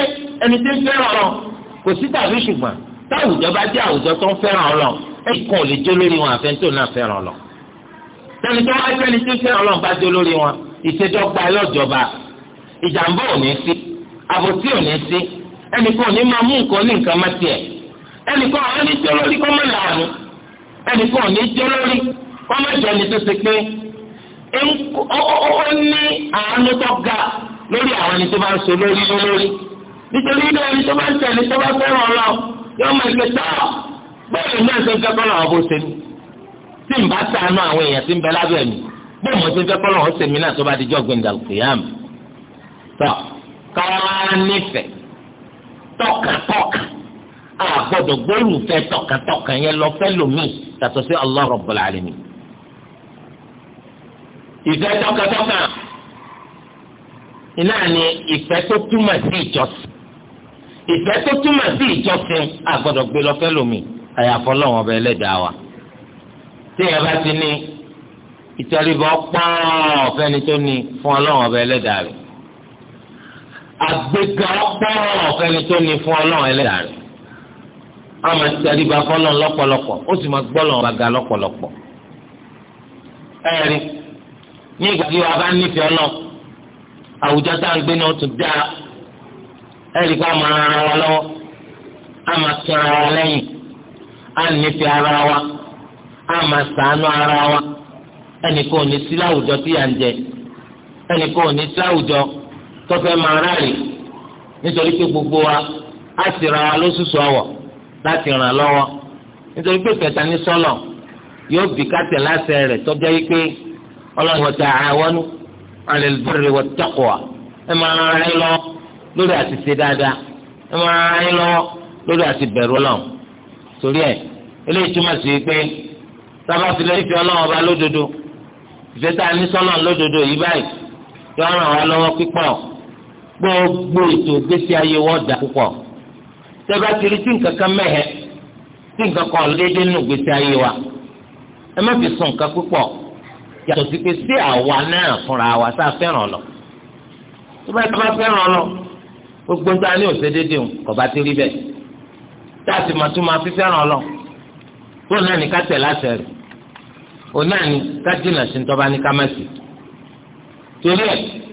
ẹni tó ń fẹ́ràn lọ kò sí tàbí ṣùgbọ́n táwùjọ bá jẹ́ àwùjọ tó ń fẹ́ràn lọ ẹ̀kan lè jó lórí wọn àfẹ́ntò náà fẹ́ràn lọ tẹni tó wá jẹ́ni tó ń fẹ́ràn lọ bá jó lórí wọn ìṣèjọba ẹlọ́jọba ìjàmbá ò ní sí àbòsí ò ní sí ẹnìkan ò ní máa mú nǹkan ní nǹkan má tiẹ̀ ẹnìkan ò ní jẹ́ lórí kọ́ mọ́ làánú ẹnìkan ò ní jẹ́ lórí kọ́ mọ́ jẹ́ ni tó ṣe pé ó ní àánú tó ga lórí àwọn ẹni tó bá ń so lórí lórí nítorí ilé ẹni tó bá ń tẹ̀ ẹni tó bá fẹ́ràn ọrụ yóò máa gbé tá bẹ́ẹ̀ náà ṣe fẹ́ kọ́nà àwọn ṣe ní tí n bá sànú àwọn èèyàn tí ń bẹ lábẹ́ mi bẹ́ẹ̀ mo ṣe fẹ́ mi náà tó bá di káwá nífẹ̀ẹ́ tọkàntọkàn àgbọ̀dọ̀ gbólùfẹ́ tọkàntọkàn yẹn lọ fẹ́ lòmíì tàtọ̀ sí Allah Rabbul Alamin. ìfẹ́ tọkàntọkàn iná ni ìfẹ́ tó túmọ̀ sí ìjọsìn ìfẹ́ tó túmọ̀ sí ìjọsìn àgbọ̀dọ̀ gbé lọ fẹ́ lòmíì àyàfọ́ lọ́wọ́ ọba ẹlẹ́dàá wa tí ẹ bá ti ní ìtẹríba ọ̀pọ̀ ọ̀fẹ́ni tó ní fún ọlọ́wọ́ ọba ẹlẹ́dàá rẹ̀ àgbéga ọpọlọ ọfẹni tó ní fún Ọlọ́run Ẹlẹ́dàá rẹ̀ ọmọ tẹríba ó sì máa ní ìgbà tí wàá bá nífẹ̀ẹ́ Ọlọ́run àwùjọ tá à ń gbé náà tún dáa ẹ̀rí máa ara wa lọ́wọ́ á máa tún ara wa ara wa máa ara wa ẹnì ní sí láwùjọ tí ń tọ́fẹ́ máa ráàlì nítorí pé gbogbo wa á sì ra lóṣooṣù ọwọ́ láti ràn lọ́wọ́ nítorí pé ìfẹ̀tà ní sọ́lọ̀ yóò bì kátẹ̀ láṣẹ rẹ̀ tọ́jọ́ yìí pé ọlọ́run wa ta'awanu 'ala al-birri wat-taqwa ẹ máa ràn ara yín lọ́wọ́ lórí àti ṣe dáadáa ẹ máa ràn ara yín lọ́wọ́ lórí àti bẹ̀rù ọlọ́run torí ẹ̀ eléyìí túmọ̀ sí pé sábà ìfẹ́ ọlọ́run ọba lódodo ìfẹ́ tá a ní sọ́lọ̀ lódodo yìí báyìí yọ gbogbo ètò ìgbésí ayé wọn dà púpọ̀ tẹ́bá ti rí tí nǹkan kan mẹ́hẹ̀ tí nǹkan kan léde nínú ìgbésí ayé wa ẹ má fi sùn nǹkan púpọ̀ yàtọ̀ sí pé sí àwa náà fúnra wa tá a fẹ́ràn lọ tó bá tó bá fẹ́ràn lọ gbogbo ń ní òsè dédé o kò bá ti rí bẹ́ẹ̀ tá a sì mọ̀ tó máa fi fẹ́ràn lọ tó náà ní ká tẹ̀ láṣẹ rẹ̀ òun náà ní ká jìnnà sí ní tọ́ba ní ká má sí torí ẹ̀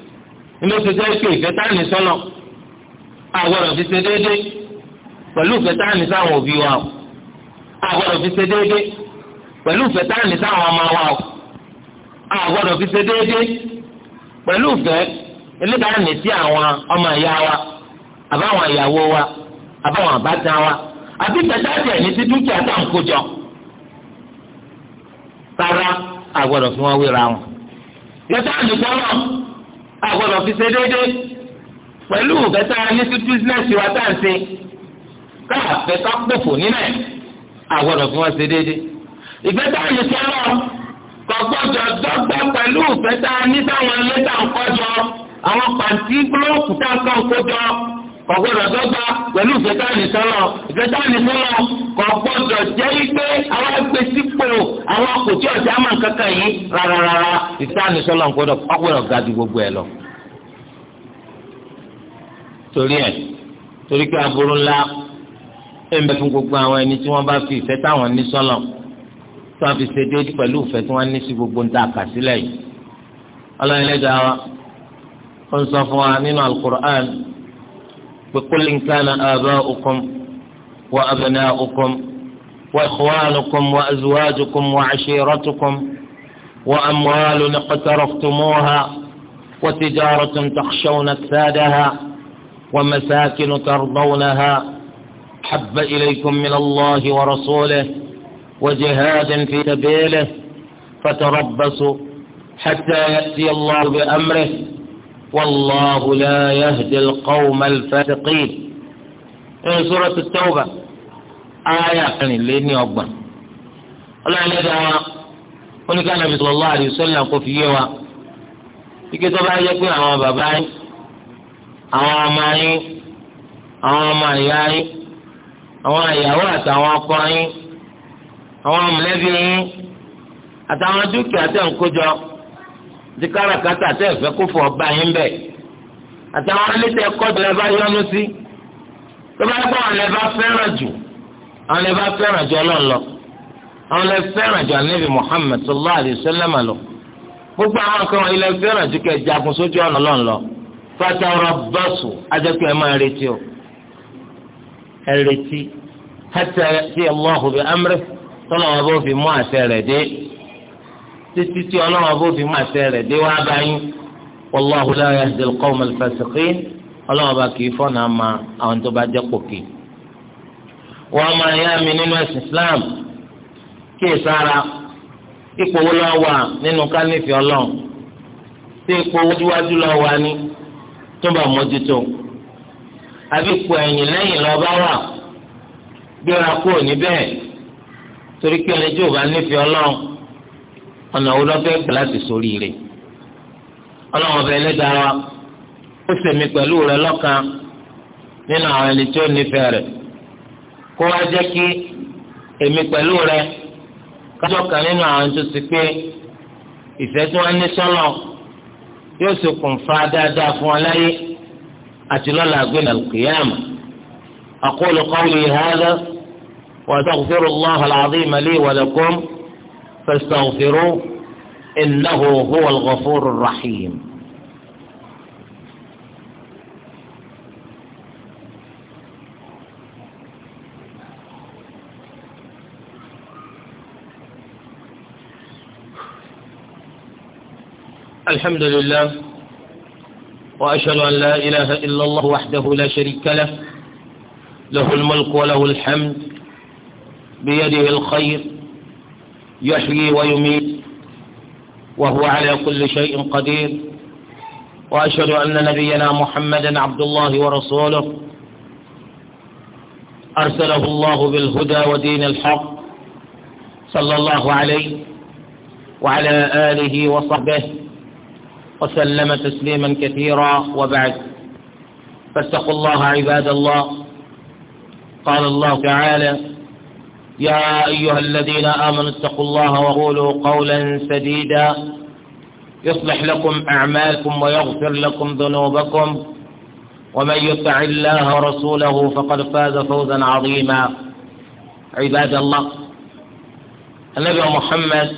ló ti jẹ́ pé ìfẹ́ tá à ní sọ́nà àgbọ̀dọ̀ fi ṣe déédéé pẹ̀lú ìfẹ́ tá à ní sáwọn òbí wa o àgbọ̀dọ̀ fi ṣe déédéé pẹ̀lú ìfẹ́ tá à ní sáwọn ọmọ wa o àgbọ̀dọ̀ fi ṣe déédéé pẹ̀lú ìfẹ́ eléta sí àwọn ọmọ ìyá wa àbáwọn ìyàwó wa àbáwọn àbátan wa àbí pẹ̀tàtì ẹ̀ ní dúkìá tá ń kójọ rárá àgbọ̀dọ̀ fi wọn wéra wọn. yọtá àlùkò náà a gbọ́dọ̀ fi ṣe déédéé pẹ̀lú ìfẹ́tà ní sí bísínẹ́sì wa tá à ń ṣe káàfẹ́ ká pòfò nínú ẹ̀ a gbọ́dọ̀ fi wọ́n ṣe déédéé ìfẹ́tà ní sí ọlọ́ kọ̀gbọ́dọ̀ dọ́gba pẹ̀lú ìfẹ́tà ní sáwọn ilé tá à ń kọ́jọ àwọn pàǹtí búlọ́ọ̀kù tá à ń kọ́ ọgbọdọ dọ́gba pẹ̀lú ìfẹtáàní sọlọ ìfẹtáàní sọlọ kò gbọ́dọ̀ jẹ́ ipe àwọn agbésípò àwọn akòtí ọjà máa kankan yìí rárára ìfẹtáàní sọlọ gbọ́dọ̀ ọgbọ́dọ̀ ga ju gbogbo ẹ lọ. torí ẹ torí pé aburú ńlá ẹ ń bẹ fún gbogbo àwọn ẹni tí wọ́n bá fi ìfẹ́ táwọn ní sọlọ tí wọ́n fi ṣe déédé pẹ̀lú ìfẹ́ tí wọ́n ní sí gbogbo ń ta àkàsílẹ̀ yìí ọlọ́run ẹlẹ́dàá wa ó ń sọ fún wa nínú alukur'an. بكل إن كان آباؤكم وأبناؤكم وإخوانكم وأزواجكم وعشيرتكم وأموال اقترفتموها وتجارة تخشون كسادها ومساكن ترضونها حب إليكم من الله ورسوله وجهاد في سبيله فتربصوا حتى يأتي الله بأمره والله لا يهدي القوم الفاسقين من سورة التوبة آية لين أكبر الله لدى ونكان النبي صلى الله عليه وسلم قفيوا ike tó bá yẹ pé àwọn bàbá yín àwọn ọmọ yín àwọn ọmọ ìyá yín àwọn ìyàwó àtàwọn ọkọ yín àwọn mọ̀lẹ́bí yín àtàwọn dúkìá tẹ̀ ń kó jọ ti kárakáta tẹ́ ẹ̀fẹ́ kó fọ ọba yín bẹ̀ àtàwọn alẹ́tẹ̀ kọ́dù ẹ bá yọnu sí tó bá gbọ́ àwọn ẹ̀fá fẹ́ràn jù àwọn ẹ̀fá fẹ́ràn jù ọlọ́run lọ àwọn ẹ̀fá fẹ́ràn jù ànábì Muhammad sallallahu alayhi wa sallam lọ gbogbo àwọn nǹkan wọn ilẹ̀ jù kẹ́ jagun sójú ọ̀nà ọlọ́run lọ fatahura bọ́ọ̀sù ajẹ́pẹ́ ẹ máa retí o ẹ retí hẹ́tẹ́ tí ẹ mú ọ̀hún bí amúrẹ́ tọ́lọ́wọ́ bó fi mú àṣẹ rẹ̀ dé títí tí ọlọ́run ọbọ̀ fi mú àṣẹ rẹ̀ dé wá báyìí wallahu la yahdil qawmal fasiqin ọlọ́run ọba kì í fọ́nà ma àwọn tó bá jẹ́ pòkè. wọ́n máa yá mi nínú ẹ̀sìn Islam kí è sára ipò wo lọ wà nínú kánìfì ọlọ́run tí ipò wájúwájú lọ wà ní tó mójútó àbí ipò ẹ̀yìn lẹ́yìn lọ bá wà gbéra kúrò níbẹ̀ torí kí ẹni tí ò bá nífẹ̀ẹ́ ọlọ́run ọ̀nà wo lọ́fẹ́ gbà láti sórí rẹ̀ ọlọ́run ọbẹ̀ ẹlẹ́dàá wa ó sèmi pẹ̀lú rẹ̀ lọ́kàn nínú àwọn ẹni tí ó nífẹ̀ẹ́ rẹ̀ kó wá jẹ́ kí èmi pẹ̀lú rẹ̀ kájọ́ kan nínú àwọn tó ti pé ìfẹ́ tí wọ́n ní sọ́nà yóò ṣokùnfà dáadáa fún ọ láyé àti lọ́la àgbẹ̀nà kìyàmù. أقول قولي هذا وأستغفر الله العظيم لي ولكم فاستغفروه إنه هو الغفور الرحيم الحمد لله وأشهد أن لا إله إلا الله وحده لا شريك له له الملك وله الحمد بيده الخير يحيي ويميت وهو على كل شيء قدير وأشهد أن نبينا محمدا عبد الله ورسوله أرسله الله بالهدى ودين الحق صلى الله عليه وعلى آله وصحبه وسلم تسليما كثيرا وبعد فاتقوا الله عباد الله قال الله تعالى يا أيها الذين آمنوا اتقوا الله وقولوا قولا سديدا يصلح لكم أعمالكم ويغفر لكم ذنوبكم ومن يطع الله ورسوله فقد فاز فوزا عظيما عباد الله النبي محمد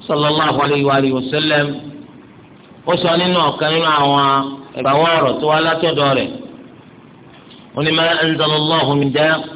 صلى الله عليه وآله وسلم وصل إنه كان معه بوارة ولا تدوره ولما أنزل الله من داء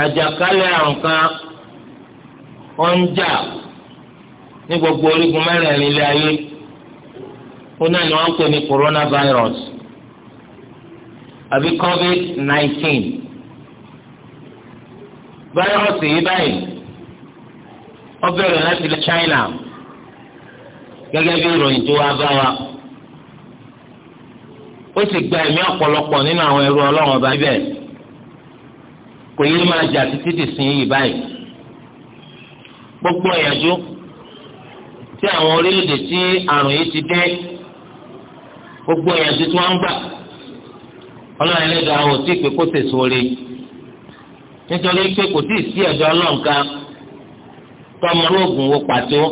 àjàkálẹ̀ àrùn kan ó ń jà ní gbogbo orígun mẹ́rẹ̀ẹ̀rin ilé ayé ó náà ni wọ́n pè ní coronavirus àbí covid nineteen fáírọ́ọ̀sì yìí báyìí ó bẹ̀rẹ̀ láti ilẹ̀ China gẹ́gẹ́ bí ìròyìn tó wá bá wa ó gba ẹ̀mí ọ̀pọ̀lọpọ̀ nínú àwọn ẹrú ọlọ́run ọba ibe. kò yé máa jà títí di sin yìí báyìí gbogbo ìyànjú tí àwọn orílẹ̀-èdè tí àrùn yìí ti dé gbogbo ìyànjú tí wọ́n ń gbà ọlọ́run ẹlẹ́dàá àwọn òtí pé kó tèso re nítorí pé kò tí ì sí ẹ̀dọ́ ọlọ́ǹka tọmọ oògùn wo pàtó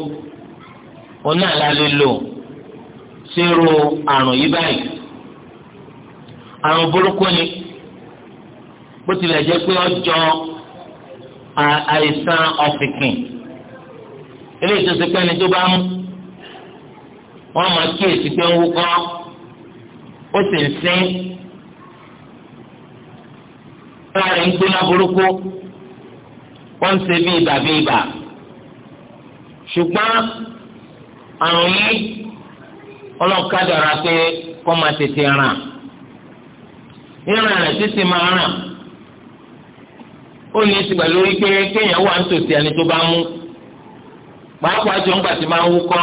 oná àlá lò sírò àrùn yìí báyìí àrùn burúkú ni bó tilẹ̀ jẹ́ pé ọjọ́ àìsàn ọ̀fìnkìn eléyìí tó ṣe pé ẹni tó bá mú wọ́n máa kíyèsí pé ń wúkọ́ ó sì ń sín ara rẹ̀ ń gbóná burúkú wọ́n ń ṣe bí ibà bí ibà ṣùgbọ́n àrùn yìí ọlọ́kadà ra pé kọ́ máa tètè ràn ìrìn rẹ̀ títí máa ràn ó ní ìsìgbà lórí pé kéèyàn wà nítòsí ẹni tó bá mú pàápàá jọ ńgbà tí máa ń wúkọ́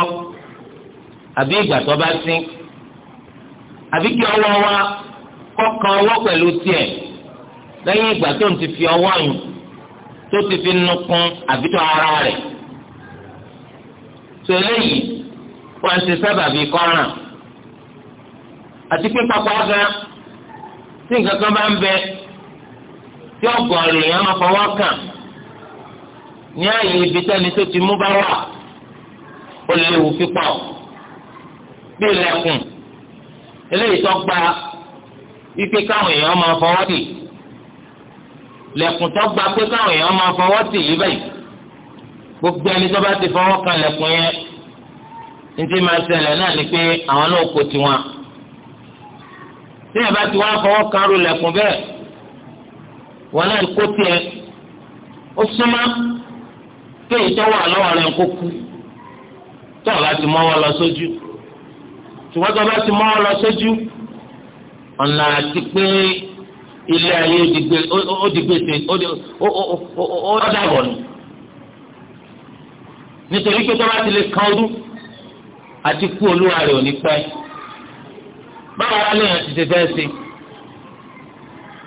àbí ìgbà tó bá sín àbí kí ọwọ́ wa kọ́kan ọwọ́ pẹ̀lú tiẹ̀ lẹ́yìn ìgbà tó ń ti fi ọwọ́ yùn tó ti fi nu kún àbí ara rẹ̀ tó eléyìí wọ́n ti sábà bí kọ́ràn àti pé pápá tí nǹkan kan bá ń bẹ tí ọgọ́ èèyàn máa fọwọ́ kàn ní ààyè ibi tẹ́ni tó ti mú bá wà ó léwu pípọ̀ bí ilẹ̀kùn eléyìí tó gba wípé káwọn èèyàn máa fọwọ́ tì lẹ̀kùn tó gba pé káwọn èèyàn máa fọwọ́ tì yí bẹ́ẹ̀ gbogbo ẹni tó bá ti fọwọ́ kan lẹ̀kùn yẹn ntí máa ṣẹlẹ̀ náà ni pé àwọn náà kò tiwọn tí ẹ bá ti wá fọwọ́ kan ru lẹ̀kùn bẹ́ẹ̀ wọn náà kó tiẹ̀ ó súnmọ́ kéyìí tó wà lọ́wọ́ rẹ̀ kó kú tó o bá ti mọ́wọ́ lọ sójú ṣùgbọ́n tó o bá ti mọ́wọ́ lọ sójú ọ̀nà àti pé ilé ayé ó di gbèsè ó dàbọ̀ nù nítorí pé tó o bá ti lè kan ọdún àti kú olúwa rẹ̀ ò ní pẹ́ báwo wá lè yàn ti ṣe fẹ́ ṣe.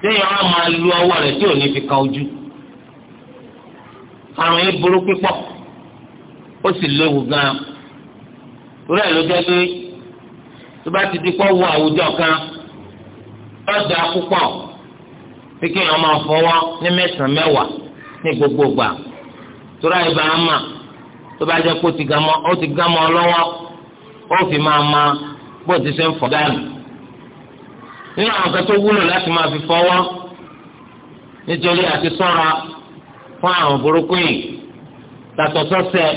téèyàn á máa lu ọwọ́ rẹ̀ tí ò ní fi kan ojú àrùn yìí burú pípọ̀ ó sì léwu gan-an ló jẹ́ pé tó bá ti di pọ́ wọ àwùjọ kan ọ̀dà púpọ̀ gbogbo a mà tó bá jẹ́ pé ó ti ọ lọ́wọ́ ó fi máa ma bó ti ṣe ń nínú àwọn kan tó wúlò láti máa fi fọwọ́ nítorí àti sọ́ra fún àwọn burúkú yìí tàtọ̀ sọ́sẹ̀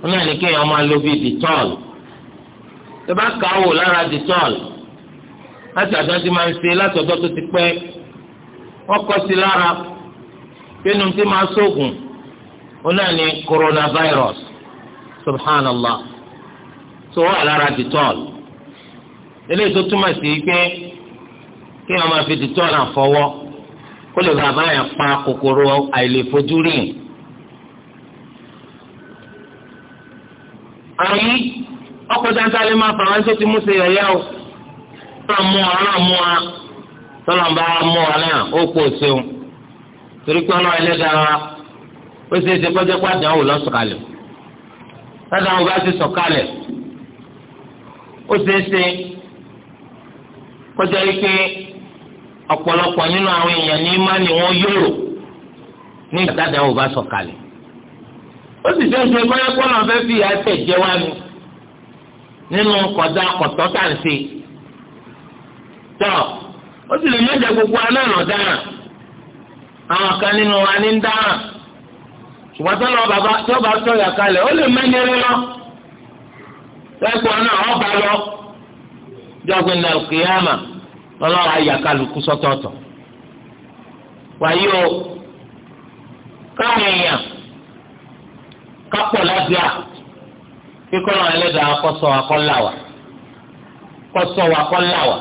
wọn náà ní kéèyàn máa lo bíi dìtọ́ọ̀lù tó bá kà á wò lára dìtọ́ọ̀lù láti àjọ tí máa ń ṣe tó ti pẹ́ wọ́n kọ́ sí lára pinnu tí máa sóògùn wọn náà coronavirus subhanallah tó wà lára kí wọn máa fi tutọ́ náà fọwọ́ kó lè bàbá yẹn pa kòkòrò àìlèfojúrí. àyí ọkọ̀ dáńtá lè máa fàwọn tó ti ṣe yẹ̀yẹ́ o náà mú wa náà mú wa tọ́lọ̀mbá mú wa náà ó kó o ṣeun torí pé ọlọ́run ẹlẹ́dàá wa ó ṣe é ṣe bá ti sọ̀kalẹ̀ ó ṣe é ṣe ọ̀pọ̀lọpọ̀ nínú àwọn èèyàn ní má ni wọ́n yòrò ní ìgbàdá ò bá sọ̀kalẹ̀ ó sì ṣe bóyá kọ́nà fẹ́ fi jẹ́ wá ni nínú kọjá kọ̀tọ́ tà ń ṣe tọ́ ó sì lè gbogbo aná ọ̀nà àwọn kan nínú wa ní ń ṣùgbọ́n tó lọ bàbá tó bá sọ̀yà kalẹ̀ ó lè mẹ́nyẹrẹ lọ́lọ́run ayà kálukú sọ́tọ̀ọ̀tọ̀ wàyí o káwọn èèyàn kápọ̀ ládùá kíkọ́ ẹlẹ́dàá kọ́sọ́ akọ́láwà akọ́láwà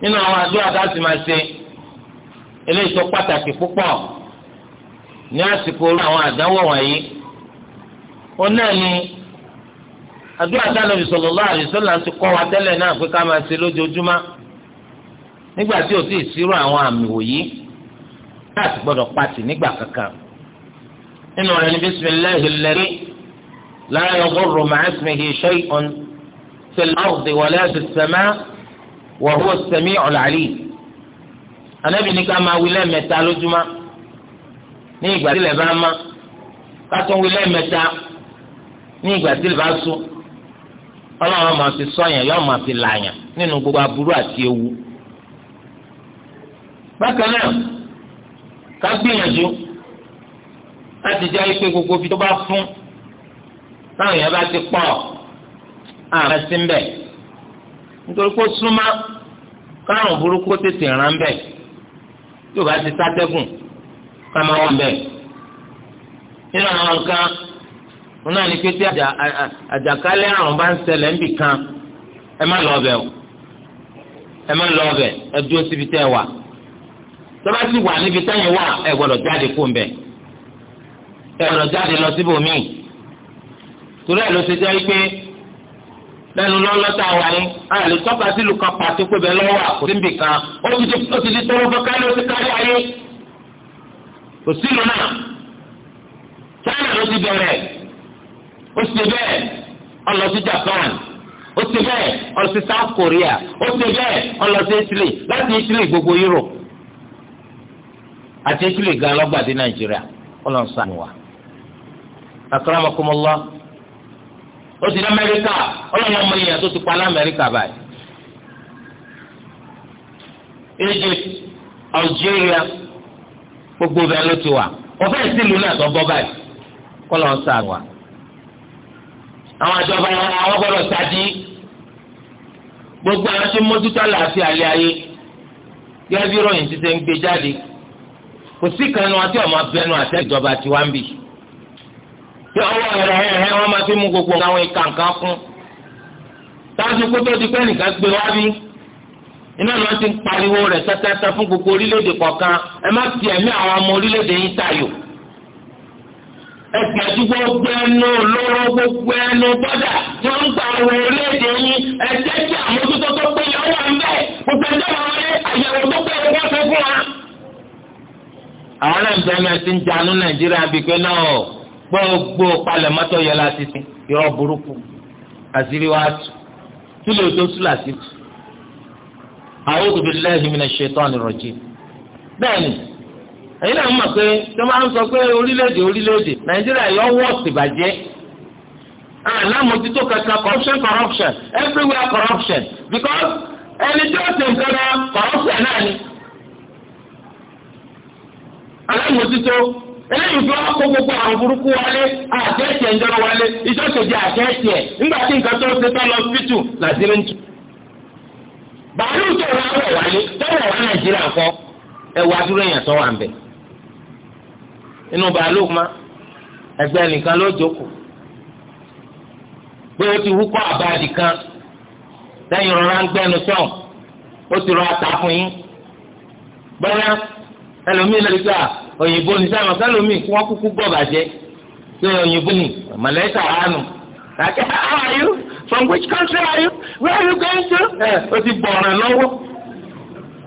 nínú àwọn àdúrà tá a sì máa ṣe eléyìí tó pàtàkì púpọ̀ ní àsìkò àwọn àdánwò wọ̀nyí ó náà ní àdúrà tá a lọ ti kọ́ wa tẹ́lẹ̀ náà pé ká máa ṣe nígbà tí o ti ṣírò àwọn àmì wòyí láti gbọ́dọ̀ pati nígbà kankan nínú rẹ̀ ní bisimilahi lẹri la yadurru ma'a ismihi shay'un fil ardi wala fis samaa wa huwa as-sami'ul 'alim anabi ní ká máa wí lẹ́ẹ̀mẹ́ta lójúmọ́ ní ìgbà tí ilẹ̀ bá mọ́ ká tún wí ní ìgbà tí ilẹ̀ sùn ọlọ́run máa fi sọ̀yàn yóò máa fi làyàn nínú gbogbo aburú àti ewu bákan náà ká gbìyànjú láti jẹ́ ipe gbogbo fi tó bá fún táwọn èèyàn bá ti pọ̀ àrùn sí mbẹ̀ nítorí pé ó súnmọ́ káàrùn burúkú tètè ràn mbẹ̀ tí ò bá ti sátẹ́gùn ká máa wọ̀ mbẹ̀ nínú àwọn nǹkan wọn náà ní pété àjàkálẹ̀ àrùn bá ń ṣẹlẹ̀ níbì kan ẹ má lọ ọbẹ̀ ẹ má lọ ọbẹ̀ ẹ dúró síbi tẹ́ ẹ wà tọ́ba sì wà níbi táyìn wà ẹ gbọ́dọ̀ jáde kó mbẹ ẹ gbọ́dọ̀ jáde lọ síbòmíì torí ẹ ló ṣe jẹ́ pé lẹ́nu lọ́lọ́tà wà ní àlè tọ́ka sílùú kan pàtó pé bẹ́ẹ̀ lọ́wọ́ àkótínbì kan ó ti di ó ti di tọ́wọ́ fẹ́ káyọ̀ sí kárí ayé kò sílùú náà China ló ti bẹ̀rẹ̀ ó ti bẹ́ẹ̀ ó lọ sí Japan ó ti bẹ́ẹ̀ ó lọ sí South Korea ó ti bẹ́ẹ̀ ó lọ sí Italy láti Italy gbogbo Europe. àti italy gan lọ́gbàdé nàìjíríà ọlọ́run sànù wa. akramakumullah ó ti ní amẹ́ríkà ọlọ́run ọmọ ti pa ní báyìí. egypt algeria gbogbo bẹ́ẹ̀ ló ti wà ọ̀fẹ́ ìsìlú náà tó bọ́ báyìí kọ́lọ́run sànù wa. àwọn àjọba gbogbo àwọn tó mójútó àlàáfíà lé ayé gẹ́gẹ́ bí ròyìn ti ṣe kò sí kan nu àti ọmọ abẹnú àti ìjọba tí wá ń bì tí ọwọ́ rẹ̀ ẹ̀rẹ́ wọn máa fi mú gbogbo àwọn ìka nǹkan kún táwọn ikú tó ti pẹ́ nìkan gbé wá bí iná ni wọ́n ti ń pariwo rẹ̀ tẹ́tẹ́tẹ́ fún gbogbo orílẹ̀-èdè kọ̀ọ̀kan ẹ má fi ẹ̀mí àwọn ọmọ orílẹ̀-èdè yín tayò ẹ tẹ̀sí gbogbo ẹnu lọ́wọ́ gbogbo ẹnu bọ́dà tí wọ́n ń gba àwọn orílẹ̀-èdè yín ẹ jẹ́ kí àmójútó tó àwọn náà bẹ́ẹ̀ máa ti ń nàìjíríà bíi pé náà gbogbo palẹ̀mọ́tò yẹ la ti sin burúkú àṣírí wa tù kí lè tó sùn láti tù. a'udhu billahi minash shaitani rajim. bẹ́ẹ̀ni ẹ̀yin náà mọ̀ pé tó máa ń sọ pé orílẹ̀-èdè orílẹ̀-èdè nàìjíríà yọ wọ́ọ̀sì bàjẹ́ alámòtító kankan corruption corruption everywhere corruption because ẹni tí ó ti corruption náà ni. alámòtító eléyìí fi wọn gbogbo àwọn burúkú wálé àtẹ́tì ẹ̀ńdọ́rọ̀ wálé ìjọ́sọ̀dì àtẹ́tì ẹ̀ nígbà tí nǹkan tó ṣe tán lọ síbítù làdírí ń tù. bàálù tó wà wọ̀ wálé tọ́wọ̀ wà nàìjíríà kọ́ ẹ dúró èèyàn tó wà ń inú bàálù ma nìkan ló jókòó pé ó ti wúkọ́ àbáàdì kan rọra ń ó ti ẹlòmíì lórí pé òyìnbó ni sáyẹn ọ̀sán ẹlòmíì kí wọ́n kúkú gbọ́ bàjẹ́ pé òyìnbó ni mọ̀lẹ́sà ránu. Like, how are you? From which country are you? Where are you going to? Ó ti bọ̀ràn lọ́wọ́.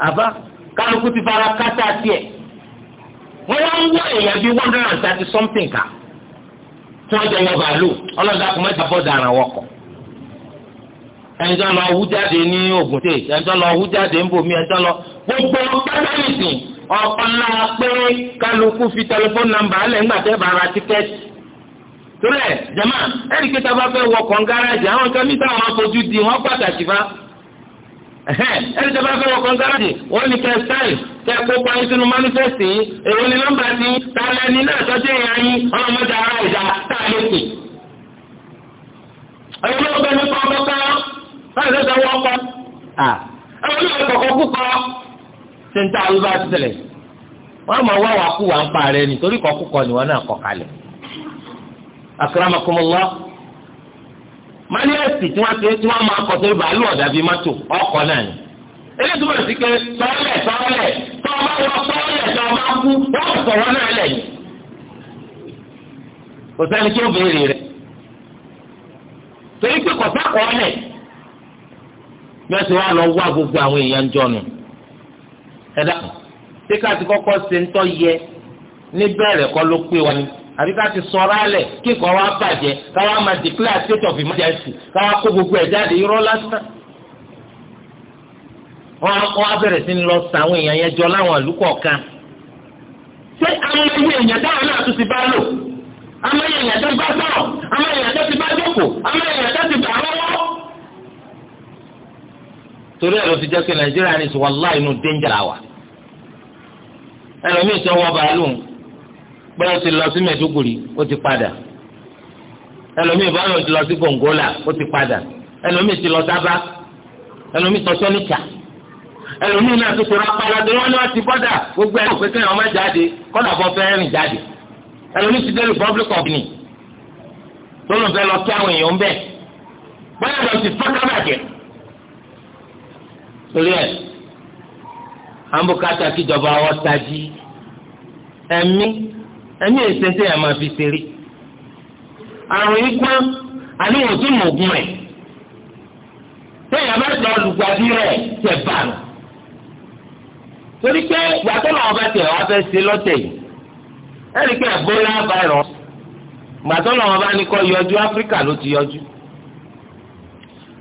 Àbá kálukú ti fara kátà tiẹ̀. Wọ́n wá ń wá èèyàn bíi one hundred and thirty something kà. Tí wọ́n jẹ wọ bàálù, ọlọ́dà kò mẹ́ta bọ́ dàrán wọkọ̀ ẹnjọ lọ wú jáde ní Ògùn tè ẹnjọ lọ wú jáde ń bò ẹnjọ lọ gbogbo pátánìsì ọ̀pọ̀lá pé kálukú fi tẹlifóònù nàmbà alẹ́ ńgbà tẹ́ bàrà tíkẹ́tì. Tólẹ̀ jẹ̀má ẹ̀rí kí tá fẹ́ wọ kàn gáràjì àwọn afojú di wọ́n pàtàkì fa. Ẹ̀rí tá fẹ́ wọ kàn gáràjì wọ́n ní kẹ́ sáì kẹ́ kó pọ́n sínú èrò ti tààlà ní náà tọ́jú ìyá yín ọlọ́mọdé ara ìjà ló ṣé ń tá àwọn bá tẹ̀lẹ̀ wọ́n mọ̀ wá wà kú wà ń pa nítorí ni wọ́n náà kọ́ kalẹ̀ akramakumullah ma tí wọ́n ti wọ́n máa kọ sórí bàálù ọ̀dà bíi mọ́tò ọkọ̀ náà ni èyí tó bẹ̀rẹ̀ sí pé sọ́ọ̀lẹ̀ sọ́ọ̀lẹ̀ tó ẹ̀dàkùn ṣé ká ti kọ́kọ́ ṣe ń yẹ níbẹ̀rẹ̀ kọ́ ló pé wa ni àbí ká ti sọ̀rọ̀ alẹ̀ kí bàjẹ́ máa state of emergency káwá kó gbogbo ẹ̀ jáde irọ́ lásán. wọ́n á bẹ̀rẹ̀ sí ni lọ sa àwọn èèyàn yẹn jọ láwọn ìlú kọ̀ọ̀kan. ṣé àwọn èèyàn dáhùn náà tún ti bá lò? àwọn èèyàn ti bá jókòó àwọn èèyàn ti bá torí ẹ̀rọ jẹ́ pé nàìjíríà ní wà. ẹlòmíì tó wọ bàálù bẹ́ẹ̀ ó ti lọ sí mẹ́dúgùrì ó ti padà ẹlòmíì báyọ̀ ó ti lọ sí gbòǹgólà ó ti padà ẹlòmíì ti lọ sábà ẹlòmíì tó sọ́nìkà ẹlòmíì náà tó sọ̀rọ̀ apalado wọn ni wọ́n ti bọ́dà gbogbo ẹ̀rọ pé kéèyàn má jáde kọ́dà bọ́ fẹ́ rìn jáde ẹlòmíì ti dé republic of guinea tó lọ fẹ́ lọ kí àwọn èèyàn bẹ́ẹ̀ báyọ̀ lọ sí fọ́nkábàjẹ́ torí ẹ̀ àǹbùkátà kíjọba wọn tají ẹ̀mí ẹ̀mí èsèǹtẹ̀ yà máa fi ṣeré àrùn igbọ́n àníwò tí mò ń gún ẹ̀ téèyàn bá lọ lùgbàdì rẹ̀ tẹ̀ bá nù torí pé yàtọ̀ làwọn bá tẹ̀ wá fẹ́ ṣe lọ́tẹ̀ yìí ẹ̀rí pé Ebola virus gbàtọ́ làwọn bá ní kọ́ yọjú Áfíríkà ló ti yọjú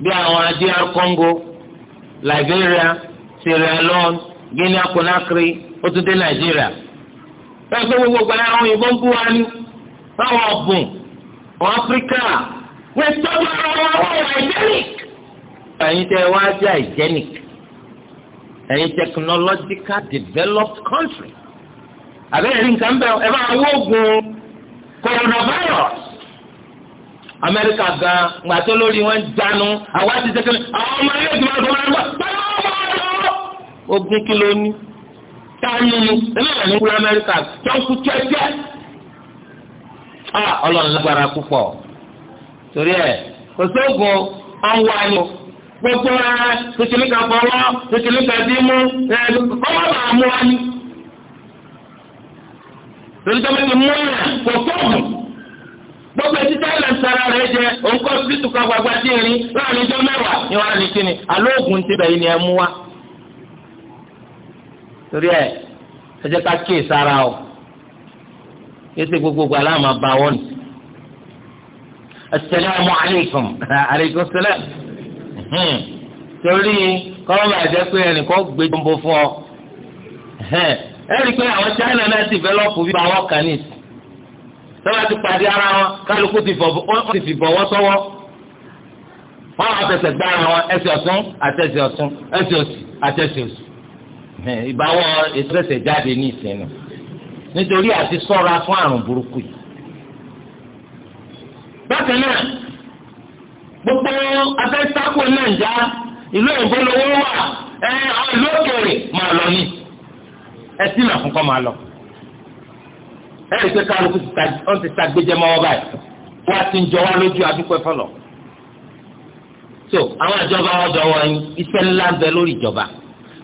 bí àwọn adé Congo Liberia Sierra Leone Guinea Conakry ó tún dé Nàìjíríà bẹ́ẹ̀ pé gbogbo pẹ̀lú àwọn òyìnbó ń bú wa ní báwọn ọ̀bùn ọ̀ Áfíríkà wọ́n tọ́jú àwọn ọmọ ìjẹ́nìk. ẹ̀yin tẹ́ wá jẹ́ ìjẹ́nìk ẹ̀yin technological developed country àbẹ́rẹ́ ní nǹkan bẹ́ẹ̀ ẹ bá wọ oògùn coronavirus amẹ́ríkà gan gbàtọ́ lórí wọn jánu àwa ti sẹ́kẹ̀lẹ̀ àwọn ọmọ ilé ìgbìmọ̀ tó máa ń ogún kí ló ní táyé ni ẹlẹ́yìn ní wúlò amẹ́ríkà tó kú tẹ́tẹ́ ah, ọlọ́run lágbára púpọ̀ torí ẹ̀ kò sóògùn ọ̀wọ́ àyọ̀ gbogbo ara tuntun kan fọwọ́ tuntun kan dín mú ẹ̀ ọwọ́ bàá mú wa ní. torí tó bá ti mú ẹ̀ kò sóògùn gbogbo etí táyà ń sara rẹ jẹ òun kọ́ síbítù kan gbàgbà dín ní láàrin ijọ́ mẹ́wàá ni wọ́n á ní kíni alóògùn ti bẹ̀yìn ni ẹ mú wa torí ẹ ẹ jẹ́ ká kíyè sára o yéésì gbogbogbò aláàmà bá wọn ni asalaamu aleykum [LAUGHS] aleykum salaam hmm. torí kọ́mọ́ bá jẹ́ pé ẹnìkan gbé jọ̀ǹbó fún ọ hmm. ẹ rí i pé àwọn China náà ti fẹ́lọ́pù bí àwọn kan ní ìsìn tọ́lá ti pàdé ara wọn kálukú ti fìbọ̀wọ́ sọ́wọ́ wọ́n á fẹsẹ̀ gbá ara wọn ẹsẹ̀ ọ̀tún àtẹ̀sẹ̀ ọ̀tún ẹsẹ̀ òsì àtẹ̀sẹ̀ òsì ìbáwọ̀ ìtúrẹ̀sẹ̀ jáde ní ìsinmi nítorí àti sọ́ra fún àrùn burúkú yìí. bákan náà gbogbo afẹ́sáko nàìjà ìlú òyìnbó lówó wà ẹ àwọn ìlú òkèèrè máa lọ ní ẹ sì nà fún kọ́ máa lọ. ẹ rí i pé kálukú ti ta gbẹjẹ mọ́wọ́ báyìí wọ́n ti ń jọ wá lójú adúpẹ́ fọlọ́. so àwọn ìjọba wọn jọ wọ̀nyí iṣẹ́ ńlá ń bẹ lórí ìjọba.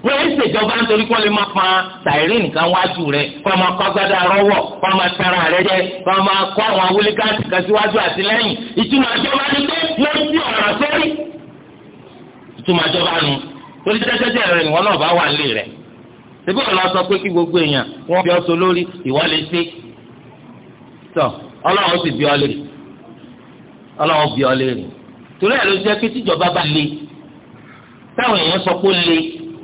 wọ́n ẹ̀ ṣèjọba nítorí kọ́ lè máa fa tàìrí nìkan wájú rẹ̀ kọ́ máa kọ́ gbádà rọ́wọ́ kọ́ máa tara rẹ̀ jẹ́ kọ́ máa kọ́ àwọn awúlégáàtì kan síwájú àti lẹ́yìn ìtumọ̀ àjọba ni pé wọ́n ti ọ̀rọ̀ sórí. ìtumọ̀ àjọba nu torí jẹ́jẹ́jẹ́ rẹ̀ ni wọ́n náà bá wà lé rẹ̀ ṣébí ọ̀la sọ pé kí gbogbo èèyàn wọ́n fi ọsọ lórí ìwọ lè ṣe tọ ọlọ́run sì bí ọ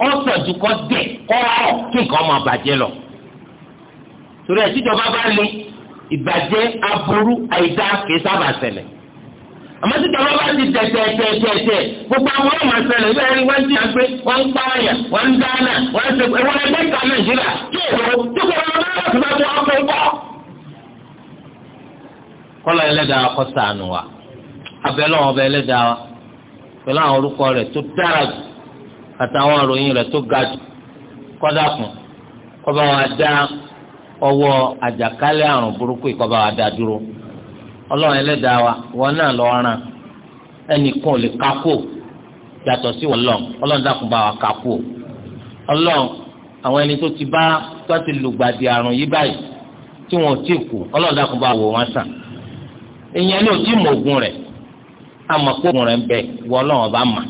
ọ̀sọ̀ ju kọ́ dẹ̀ kọ́ ọ̀ kí nǹkan máa bàjẹ́ lọ. torí ẹ̀ tíjọba bá lé ìbàjẹ́ aburú àìdá kì í sábà ṣẹlẹ̀. àmọ́ tíjọba bá ti tẹ̀ tẹ̀ tẹ̀ tẹ̀ tẹ̀ gbogbo àwọn ọmọ ṣẹlẹ̀ ibẹ̀ rí wọ́n ti àgbẹ̀ wọ́n ń pààyàn wọ́n ń dáná wọ́n ń ṣègbè wọ́n ẹgbẹ́ ìta nàìjíríà tí kọlọ ẹlẹ́dàá kọ sànù wa abẹ lọ́wọ́ ọbẹ ẹlẹ́dàá wa pẹ̀lú àwọn orúkọ rẹ̀ tó dára jù àtàwọn ìròyìn rẹ̀ tó ga jù kọ́dà kùn kọ́ba wa dá ọwọ́ àjàkálẹ̀ àrùn burúkú yìí kọ́ba wa dá dúró ọlọ́run ẹlẹ́dàá wa wọn náà lọ ràn ẹnìkan ò lè kákó yàtọ̀ sí wọn lọ ọlọ́run dàkún bá wa kákó ọlọ́run àwọn ẹni tó ti bá tó ti lùgbàdì àrùn yìí báyìí tí wọn ò tí kú ọlọ́run dàkún bá wò wọn sàn èèyàn ni ò mọ ògùn rẹ̀ àmọ́ pé ògùn rẹ̀ ń bẹ wọ ọlọ́run ọba mà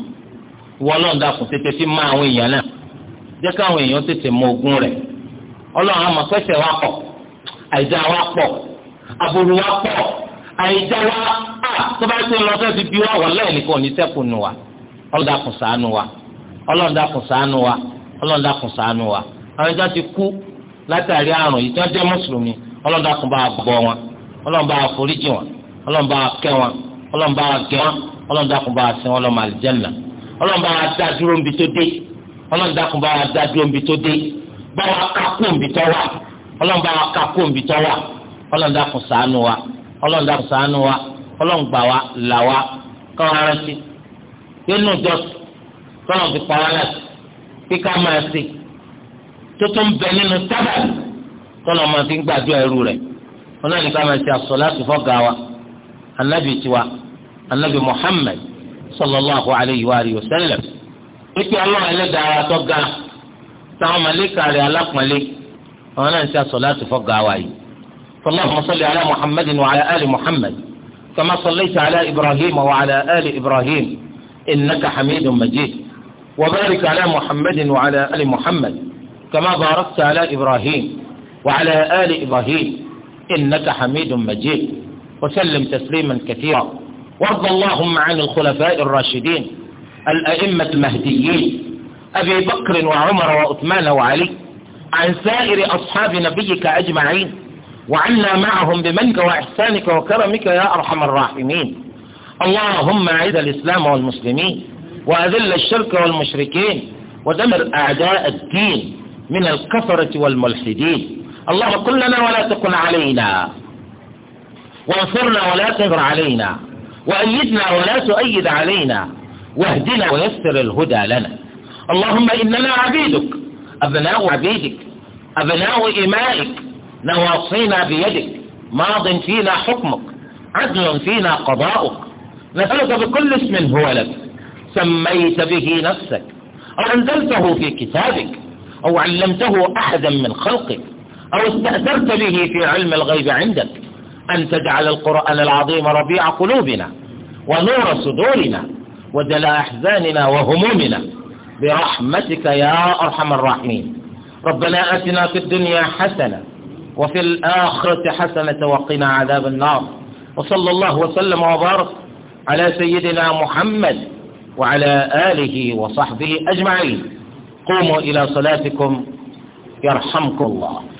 ìwọ náà dàkún tètè fi má àwọn èèyàn náà jẹ́ káwọn èèyàn tètè mọ ogun rẹ̀ ọlọ́run àmọ́ pẹ́sẹ̀ wa pọ̀ àìdá wa pọ̀ aburú wa pọ̀ àìdá wa tó bá tó lọ sẹ́sì bí wa wọlé nìkan ní sẹ́kùn nu wa ọlọ́run dàkún ṣàánú wa ọlọ́run dàkún ṣàánú wa ọlọ́run dàkún ṣàánú wa àwọn ìjọ ti kú látàrí àrùn yìí tí jẹ́ mùsùlùmí ọlọ́run dàkún bá gbọ́ wọn ọlọ́run bá foríjì wọn ọlọ́run bá kẹ́ wọn ọlọ́run bá gẹ́ wọn ọlọ́run dàkún bá sin wọn lọ́mọ àlìjẹ́nà ọlọ́run bá wa dá dúró nbí tó dé ọlọ́run dákun bá wa dá dúró nbí tó dé bá wa kakú nbí tó wà ọlọ́run bá wa kakú nbí tó wà ọlọ́run dákun ṣàánú wa ọlọ́run dákun ṣàánú wa ọlọ́run gbà wa là wa kọ́ ara sí nínú ìjọsìn tọ́lọ̀ fi pa wá láti kí ká máa ṣe tó tún bẹ nínú tábà tọ́lọ̀ máa ń gbàdúrà ẹrú rẹ̀ ọlọ́run ká máa ṣe àsọ̀lá tó fọ́ gàwa anábì tiwa anábì Muhammad sallallahu alayhi wa alihi wa sallam pípẹ́ ọlọ́run ẹlẹ́dàá tó ga táwọn màlẹ́kà rẹ̀ alápọ̀nlé àwọn náà ń ṣe àsọ̀láàtì fọ́gà wa yìí fọlọ́hùn sọ́lẹ̀ alẹ́ muhammed wa alẹ́ ali muhammed kama sọ́lẹ́tì alẹ́ ibrahim wa alẹ́ ali ibrahim innaka hamidun majid وبارك على محمد وعلى آل محمد كما باركت على إبراهيم وعلى آل إبراهيم إنك حميد مجيد وسلم تسليما كثيرا وارض اللهم عن الخلفاء الراشدين الأئمة المهديين أبي بكر وعمر وعثمان وعلي عن سائر أصحاب نبيك أجمعين وعنا معهم بمنك وإحسانك وكرمك يا أرحم الراحمين اللهم أعز الإسلام والمسلمين وأذل الشرك والمشركين ودمر أعداء الدين من الكفرة والملحدين اللهم كن لنا ولا تكن علينا وانصرنا ولا تغر علينا وأيدنا ولا تؤيد علينا واهدنا ويسر الهدى لنا اللهم إننا عبيدك أبناء عبيدك أبناء إمائك نواصينا بيدك ماض فينا حكمك عدل فينا قضاؤك نسألك بكل اسم هو لك سميت به نفسك أو أنزلته في كتابك أو علمته أحدا من خلقك أو استأثرت به في علم الغيب عندك أن تجعل القرآن العظيم ربيع قلوبنا ونور صدورنا ودلاء أحزاننا وهمومنا برحمتك يا أرحم الراحمين ربنا أتنا في الدنيا حسنة وفي الآخرة حسنة وقنا عذاب النار وصلى الله وسلم وبارك على سيدنا محمد وعلى آله وصحبه أجمعين قوموا إلى صلاتكم يرحمكم الله